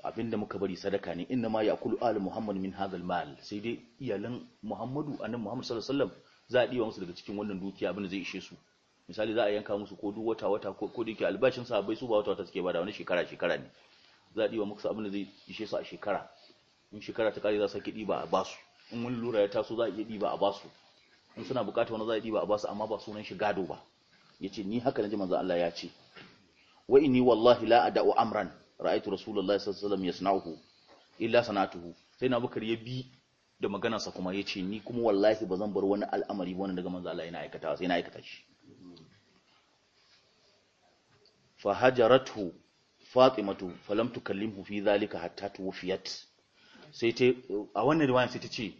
abinda muka bari sadaka ne inna ma yaqulu al muhammad min hadha al mal sai dai iyalan muhammadu annabi muhammad sallallahu alaihi wasallam za a diwa musu daga cikin wannan dukiya abinda zai ishe su misali za a yanka musu ko duk wata wata ko duk albashin sahabbai su ba wata wata suke bada wani shekara shekara ne za a diwa musu abinda zai ishe su a shekara in shekara ta kare za su sake diba a basu in wani lura ya taso za a iya ɗiba a basu in suna bukata wani za a ɗiba a basu amma ba sunan shi gado ba ya ce ni haka na ji manzo Allah ya ce wa inni wallahi la ada'u amran ra'aytu rasulullahi sallallahu alaihi wasallam yasna'uhu illa sanatuhu sai na bakar ya bi da maganarsa kuma ya ce ni kuma wallahi ba zan bar wani al'amari wani daga manzo Allah yana aikata sai na aikata shi fa hajaratu fatimatu falam tukallimhu fi dhalika hatta tuwfiyat sai ta a wannan ruwan sai ta ce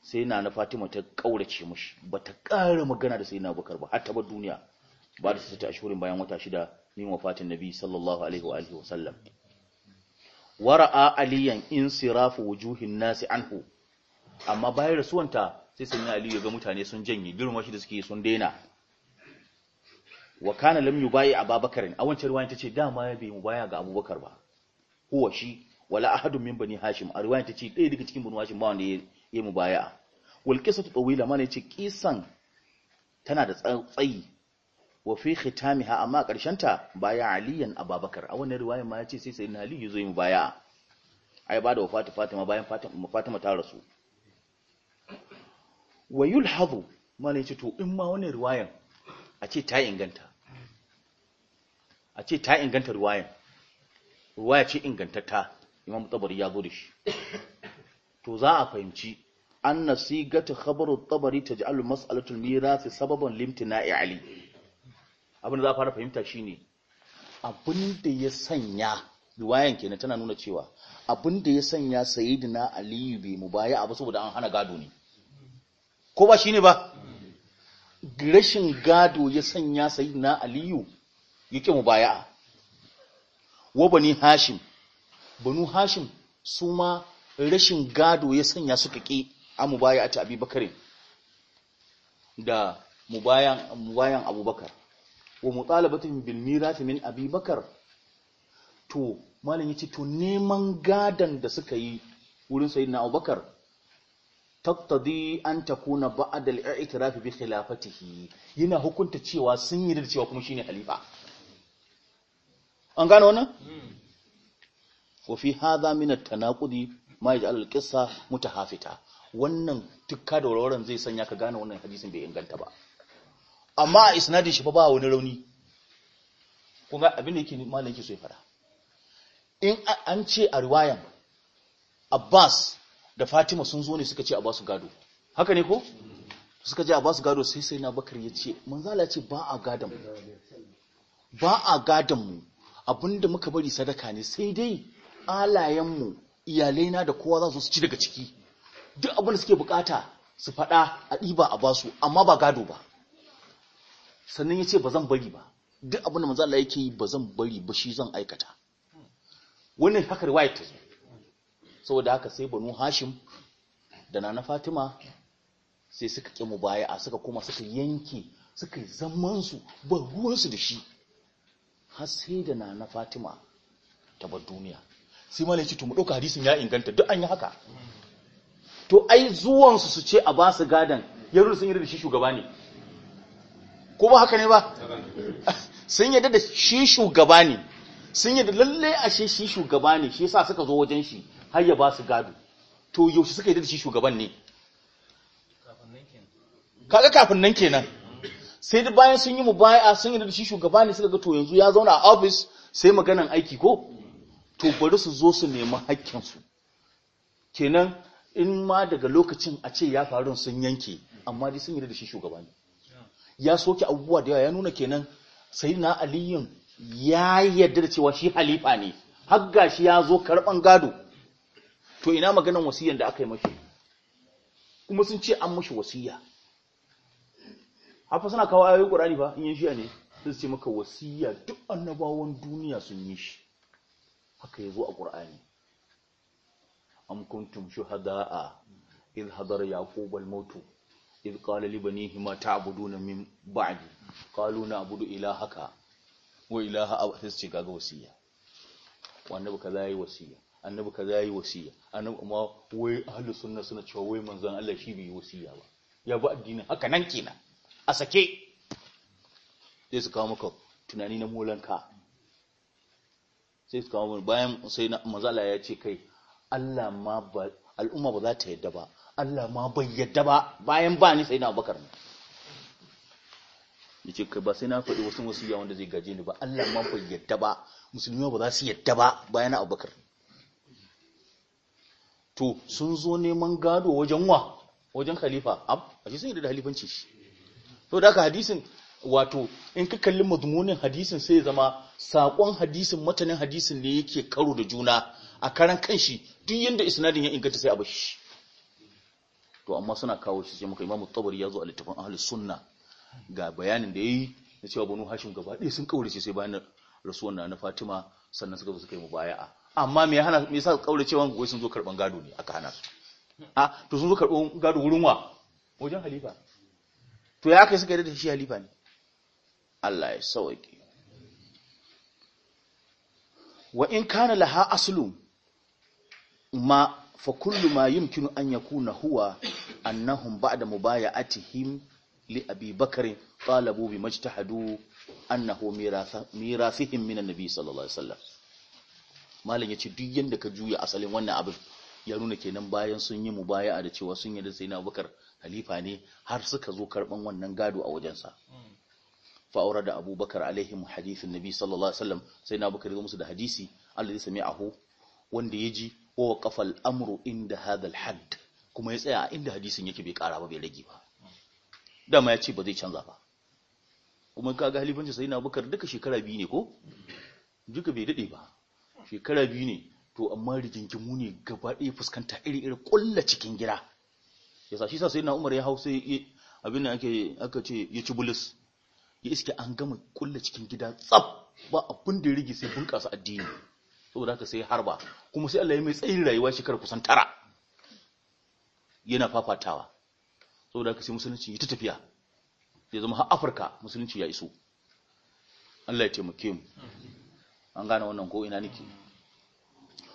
sai na na Fatima ta kaurace ba bata ƙara magana da sayyidina Abubakar ba har ta bar duniya ba da sai ta ashurin bayan wata shida min wafatin Nabi sallallahu alaihi wa alihi wasallam wara'a aliyan insirafu wujuhin nasi anhu amma bayan rasuwanta sai sun Ali ya ga mutane sun janye girma shi da suke sun daina wa kana lam a ababakarin a wancan ruwayan ce dama ya bai baya ga abubakar ba huwa shi wala ahadun min bani hashim a riwaya ta ce ɗaya daga cikin bani hashim ba wanda ya yi mubaya'a wal qisatu tawila mana ce ƙisan tana da tsayi wa fi khitamiha amma karshen ta baya aliyan ababakar a wannan riwaya ma yace sai sayyidina ali yazo yi baya. ai ba da wafatu fatima bayan fatima fatima ta rasu wa yulhadhu mana yace to in ma wannan riwayan a ce ta inganta a ce ta inganta riwayan ruwa ce ingantatta imam tabari ya zo da shi to za a fahimci an nasi gata khabaru tabari alu mas'alatul mirasi sababan limtina'i ali abin da za a fara fahimta shine abin da ya sanya riwayan kenan tana nuna cewa abin da ya sanya sayyidina aliyu bai mu baya abu saboda an hana gado ne ko ba shi ne ba rashin gado ya sanya sayyidina aliyu yake baya? wa bani hashim banu hashim su ma rashin gado ya sanya suka ƙi a mubaya a tabi bakare da mubayan abubakar wa batun bilmira ta min abubakar to malam yace to neman gadon da suka yi wurin na abubakar taktadi an takuna ba'da al rafi bi khilafatihi yana hukunta cewa sun yi da cewa kuma ne halifa an gano wannan hmm. wafi haza hadha tanakudi ma tanaqudi ma ƙisa, mutu hafita wannan tukka da wuraren zai sanya ka gane wannan hadisin bai inganta ba amma a isnadin shi fa ba wani rauni kuma abin da yake malin ki so ya fara in an ce a riwayan Abbas da Fatima sun zo ne suka ce a basu gado haka ne ko suka ce a basu gado sai sai na bakar ya ce manzala ce ba a gadon ba a gadon mu abinda muka bari sadaka ne sai dai alayenmu iyalaina da kowa za su ci daga ciki duk abinda suke bukata su faɗa a ɗiba a basu amma ba gado ba sannan ya ce ba zan bari ba duk abinda da manzo yake yi ba zan bari ba shi zan aikata wannan haka riwaya ta zo saboda haka sai banu Hashim da na Fatima sai suka ƙi a suka kuma suka yanke suka yi zamansu ba ruwansu da shi har sai da na Fatima ta bar duniya sai malai ce to mu ɗauka hadisin ya inganta duk an yi haka to ai zuwansu su ce a ba su gadan yarda sun yarda da shi shugaba ne ko ba haka ne ba sun yarda da shi shugaba ne sun yarda lalle a shi shugaba ne shi yasa suka zo wajen shi har ya ba su gado to yaushe suka yarda da shi shugaban ne kaga kafin nan kenan sai da bayan sun yi mu baya sun yarda da shi shugaba ne suka ga to yanzu ya zauna a office sai maganan aiki ko to bari su zo su nemi su. kenan in ma daga lokacin a ce ya faru sun yanke amma dai sun yi da shi shugaba ne ya soke abubuwa da yawa ya nuna kenan sai na aliyun ya yarda da cewa shi halifa ne har shi ya zo karɓan gado to ina maganan wasiyan da aka yi mashi kuma sun ce an mashi wasiya hafa suna kawo ayoyin ƙur'ani ba in yin shiya ne sun su ce maka wasiya duk annabawan duniya sun yi shi haka zo a ƙur'ani. an kuntum shuhada'a iz hadar yaqub al-maut idh qala li banihi ma ta'buduna min ba'di qalu na'budu ilahaka wa ilaha abthis ga wasiya wa annabi kaza yi wasiya annabi kaza yi wasiya annabi amma wai ahlus sunna suna cewa wai manzon Allah shi bai yi wasiya ba ya ba addinin haka nan kenan a sake sai su kawo maka tunani na molanka sai su kawo bayan sai mazala ya ce kai Allah ma ba al'umma ba za ta yadda ba Allah ma bai yadda ba bayan ba ni sai na Abubakar ne yace kai ba sai na faɗi wasu wasiya wanda zai gaje ni ba Allah ma bai yadda ba musulmi ba za su yadda ba bayan na Abubakar to sun zo neman gado wajen wa wajen khalifa ab shi sun yi da halifanci shi to da haka hadisin wato in ka kalli mazmunin hadisin sai ya zama sakon hadisin matanin hadisin ne yake karo da juna a karan kanshi duk yadda isnadin ya inganta sai a bashi to amma suna kawo shi sai muka imamu tabari ya zo a littafin ahli sunna ga bayanin da yayi na cewa banu hashim gaba ɗaya sun kaurace sai bayan rasuwan na fatima sannan suka zo suka yi mubaya'a amma me ya hana me yasa kauracewan goyi sun zo karban gado ne aka hana su a to sun zo karban gado wurin wa wajen halifa to ya kai suka yi da shi halifa ne Allah ya wa in kana laha aslu ma fa kullu ma yumkinu an yakuna huwa annahum ba'da mubaya'atihim li abi bakr talabu bi majtahadu annahu mirathihim min annabi sallallahu alaihi wasallam malam yace duk yanda ka juya asalin wannan abin ya nuna kenan bayan sun yi mubaya'a da cewa sun yarda sai na bakar halifa ne har suka zo karban wannan gado a wajensa hmm. fa da abubakar alaihim hadithun nabi sallallahu alaihi sai na bakar zo musu da hadisi sami aho, wanda ya wa waqafa al-amru inda hadha hadd kuma ya tsaya inda hadisin yake bai kara ba bai rage ba dama ya ce ba zai canza ba kuma ga halifanci sai na bakar duka shekara biyu ne ko duka bai dade ba shekara biyu ne to amma rigingimu ne gaba ɗaya fuskanta iri-iri ƙulla cikin gida ya sa shi sa sai na umar ya hau sai abin da aka ce ya ci bulis ya iske an gama kulla cikin gida tsaf ba abin da ya rigi sai bunƙasa addini saboda haka sai harba kuma sai Allah ya mai tsayin rayuwa shekara kusan tara yana fafatawa saboda haka sai musulunci ya ta tafiya ya zama har Afirka musulunci ya iso Allah ya taimake mu an gane wannan ko ina nake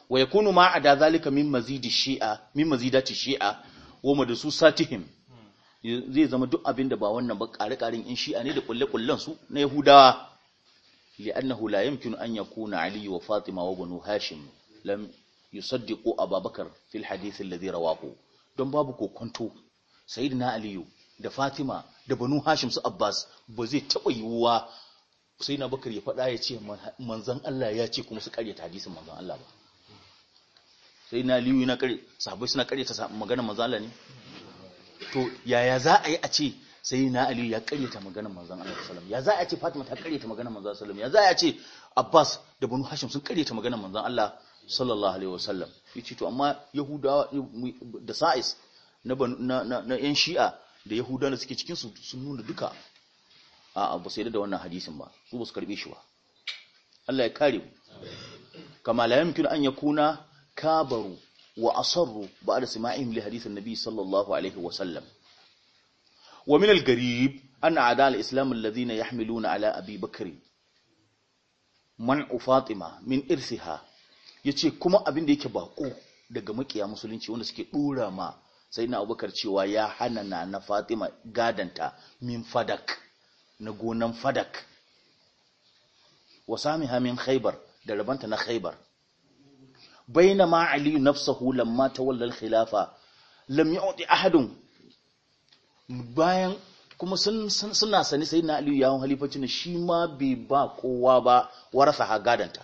wa yakunu ma'ada zalika min mazidi shi'a min mazidati shi'a wa madsu satihim zai zama duk abin da ba wannan ba ƙare-ƙaren in shi'a ne da ƙulle-ƙullen su na yahudawa li'annahu la yankin an yakuna ali wa fatima wa banu hashim lam yusaddiqu ababakar fil hadith alladhi rawahu don babu kokonto sayyidina ali da fatima da banu hashim su abbas ba zai taba yiwuwa sayyidina bakar ya faɗa ya ce manzon Allah ya ce kuma su ta hadisin manzon Allah ba sayyidina ali yana kare sahabbai suna ta magana manzon Allah ne to yaya za a yi a ce sai na ali ya karyata maganar manzon Allah sallallahu ya za a ce fatima ta karyata maganar manzon sallallahu ya za a ce abbas da banu hashim sun karyata maganar manzon Allah sallallahu alaihi wasallam yace to amma yahudawa da sa'is na na yan shi'a da yahudawa da suke cikin su sun nuna duka a'a ba sai da wannan hadisin ba su ba su karbe shi ba Allah ya kare mu kama la yamkin an yakuna kabaru wa asarru ba'da sima'ihim li hadith an-nabi sallallahu alaihi wa sallam wa min al-garib an a'da al-islam alladhina yahmiluna ala abi bakr man'u fatima min irsiha yace kuma abin da yake baƙo daga makiya musulunci wanda suke dora ma sayyidina abubakar cewa ya hana na fatima gadonta min fadak na gonan fadak wa sami hamin khaybar da rabanta na khaybar bainama ali nafsuhu lamma tawalla al-khilafa lam yu'ti ahadun bayan kuma suna sani sai na aliyu yawon halifacin shi ma bai ba kowa ba warasa ha gadanta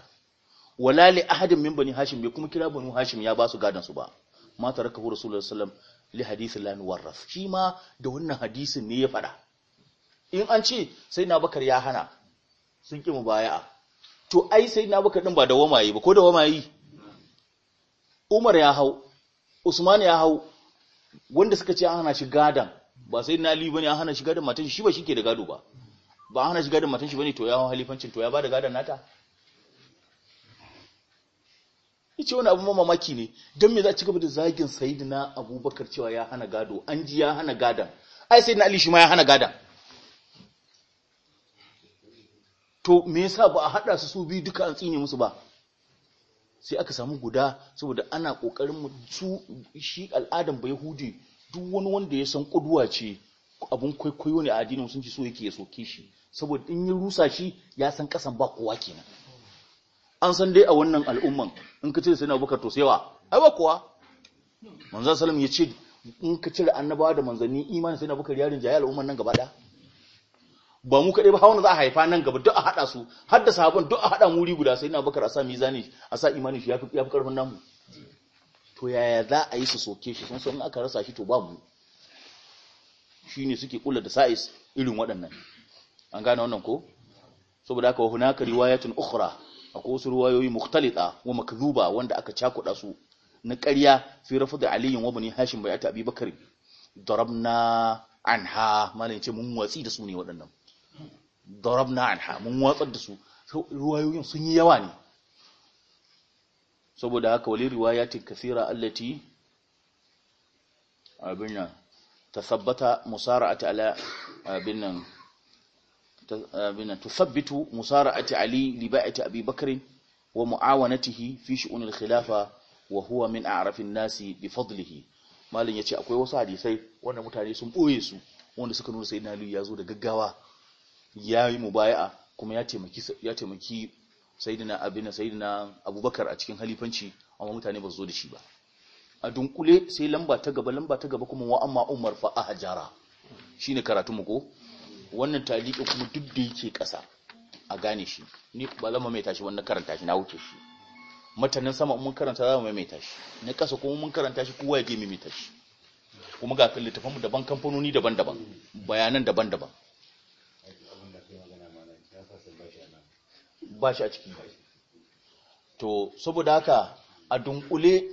wala li ahadin min hashim bai kuma kira bani hashim ya ba su gadansu ba ma taraka hu rasulullahi sallam li hadisi la nuwarraf shi ma da wannan hadisin ne ya faɗa. in an ce sai na bakar ya hana sun ki mubaya'a to ai sai na bakar din ba da wamaye ba ko da wamayi Umar ya hau Usman ya hau wanda suka ce an hana shi gadan ba sai na Ali bane an hana shi gadan matan shi ba shike da gado ba ba an hana shi gadan matan shi bane to ya hau halifancin to ya bada gadan nata yace wani abu mamaki ne dan me za a ci gaba da zagin sayyidina Abubakar cewa ya hana gado an ji ya hana gadan ai sayyidina Ali shi ma ya hana gadan to me yasa ba a hada su su bi duka an tsine musu ba sai aka samu guda saboda ana kokarin su shi al'adan ba yahudi duk wani wanda ya san kuduwa ce abun kwaikwayo ne a addinin sun ci so yake ya soke shi saboda in ya rusa shi ya san kasan ba kowa kenan an san dai a wannan al'umman in ka cire sai bukar to wa ai ba kowa manzon sallam ya ce in ka cire annabawa da manzanni imanin na bukar yarin jaya al'umman nan gaba daya ba mu kaɗai ba hawan za a haifa nan gaba duk a haɗa su har da duk a haɗa mu wuri guda sai na bakar a sa mizani a sa imani shi yafi yafi karfin namu to yaya za a yi su soke shi sun san aka rasa shi to ba mu shine suke kula da sa'is irin waɗannan an gane wannan ko saboda haka hunaka riwayatun ukhra akwai wasu riwayoyi mukhtalita wa makdhuba wanda aka cakuɗa su na ƙarya fi da aliyin wa bani hashim bai ta abubakar darabna anha malai ce mun watsi da su ne waɗannan darabna anha mun watsar da su ruwayoyin sun yi yawa ne saboda haka wali riwayatin kathira allati abin tathabbata musara'ati ala abin nan abin nan tuthabbitu musara'ati ali li ba'ati abi bakr wa mu'awanatihi fi shu'un khilafa wa huwa min a'rafin nasi bi fadlihi malin yace akwai wasu hadisai wanda mutane sun boye su wanda suka nuna sayyidina ali ya zo da gaggawa ya yi mubaya'a kuma ya taimaki ya taimaki sayyidina abin saidina abubakar a cikin halifanci amma mutane ba su zo da shi ba a dunkule sai lamba ta gaba lamba ta gaba kuma wa amma umar fa shi ne karatu muku ko wannan taliki kuma duk da yake ƙasa. a gane shi ni ba zama mai tashi wannan karanta shi na wuce shi matanin sama mun karanta za mu mai tashi, na ƙasa kuma mun karanta shi kowa ya je mai tashi. kuma ga kan littafan daban kamfanoni daban-daban bayanan daban-daban ba shi a ciki to saboda haka a dunkule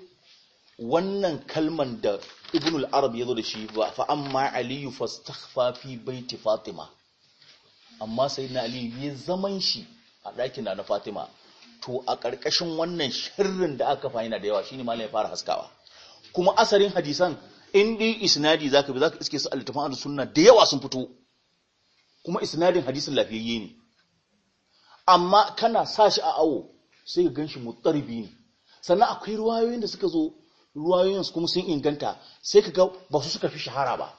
wannan kalman da ibn al-arab ya zo da shi ba fa amma aliyu fastakhfa fi baiti fatima amma sayyidina ali ya zaman shi a ɗakin da na fatima to a ƙarƙashin wannan shirrin da aka fahimta da yawa shine malam ya fara haskawa kuma asarin hadisan indi isnadi zaka bi zaka iske su al-tafan sunna da yawa sun fito kuma isnadin hadisin lafiyayye ne amma kana sa shi a awo sai ga ganshi mutarbi ne sannan akwai ruwayoyin da suka zo ruwayoyin kuma sun inganta sai ka ga ba su suka fi shahara ba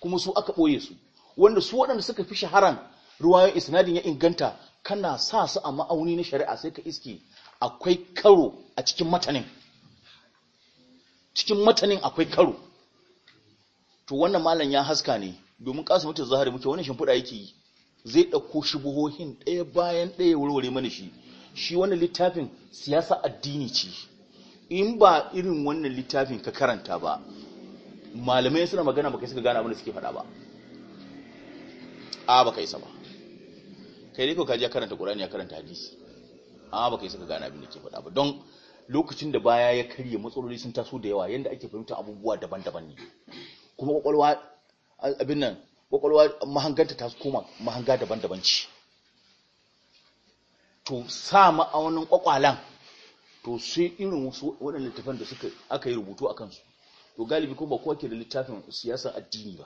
kuma su aka ɓoye su wanda su waɗanda suka fi shaharan ruwayoyin isnadin ya inganta kana sa su a ma'auni na shari'a sai ka iske akwai karo a cikin matanin cikin matanin akwai karo to wannan malam ya haska ne domin kasu mutu zahari muke wani shimfiɗa yake yi zai ɗauko shi buhohin ɗaya bayan ɗaya warware mana shi shi wannan littafin siyasa addini ce in ba irin wannan littafin ka karanta ba malamai suna magana baka suka gane abin da suke faɗa ba a baka isa ba kai dai ko ka je karanta Qur'ani ya karanta hadisi a baka isa ka gane abin da ke faɗa ba don lokacin da baya ya karye matsaloli sun taso da yawa yanda ake fahimta abubuwa daban-daban ne kuma kwakwalwa abin nan kwakwalwa mahanganta ta koma mahanga daban-daban ce to sa ma'aunin kwakwalan to sai irin wasu waɗanda littafin da suka aka yi rubutu a kansu to galibi ko ba kowa ke da littafin siyasar addini ba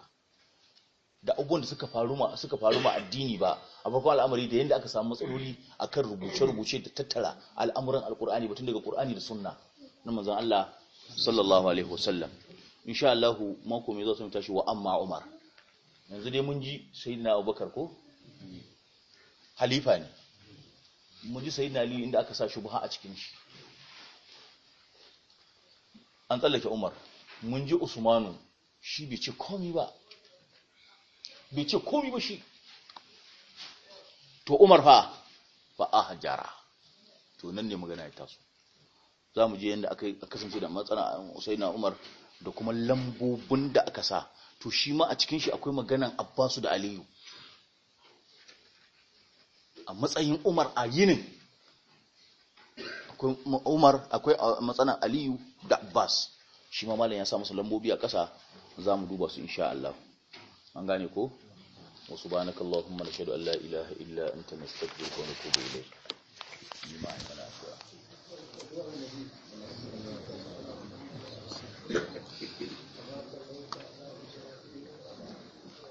da abubuwan da suka faru ma suka faru ma addini ba a farko al'amari da yadda aka samu matsaloli akan rubuce-rubuce da tattara al'amuran alkur'ani batun daga qur'ani da sunna na manzon Allah sallallahu alaihi wasallam insha Allah mako mai zo sai mu tashi wa amma Umar yanzu dai mun ji sayyidina abubakar ko halifa ne mun ji sayyidina ali inda aka sa shubha a cikin shi an tsallake umar mun ji usmanu shi bai ce komi ba bai ce komi ba shi to umar fa ba a hajjara, to nan ne magana ya taso za mu je yadda aka kasance da matsala a usaina umar da kuma lambobin da aka sa to shi ma a cikin shi akwai maganan abbasu da aliyu a matsayin umar a yinin akwai umar akwai matsanan aliyu da abbas shi ma malam ya sa masu lambobi a ƙasa za mu duba su insha Allah an gane ko wasu ba na kallon kuma na shaidu Allah ilaha illa in ta nastaɗi ko na kogo ilai yi ma'aikana shi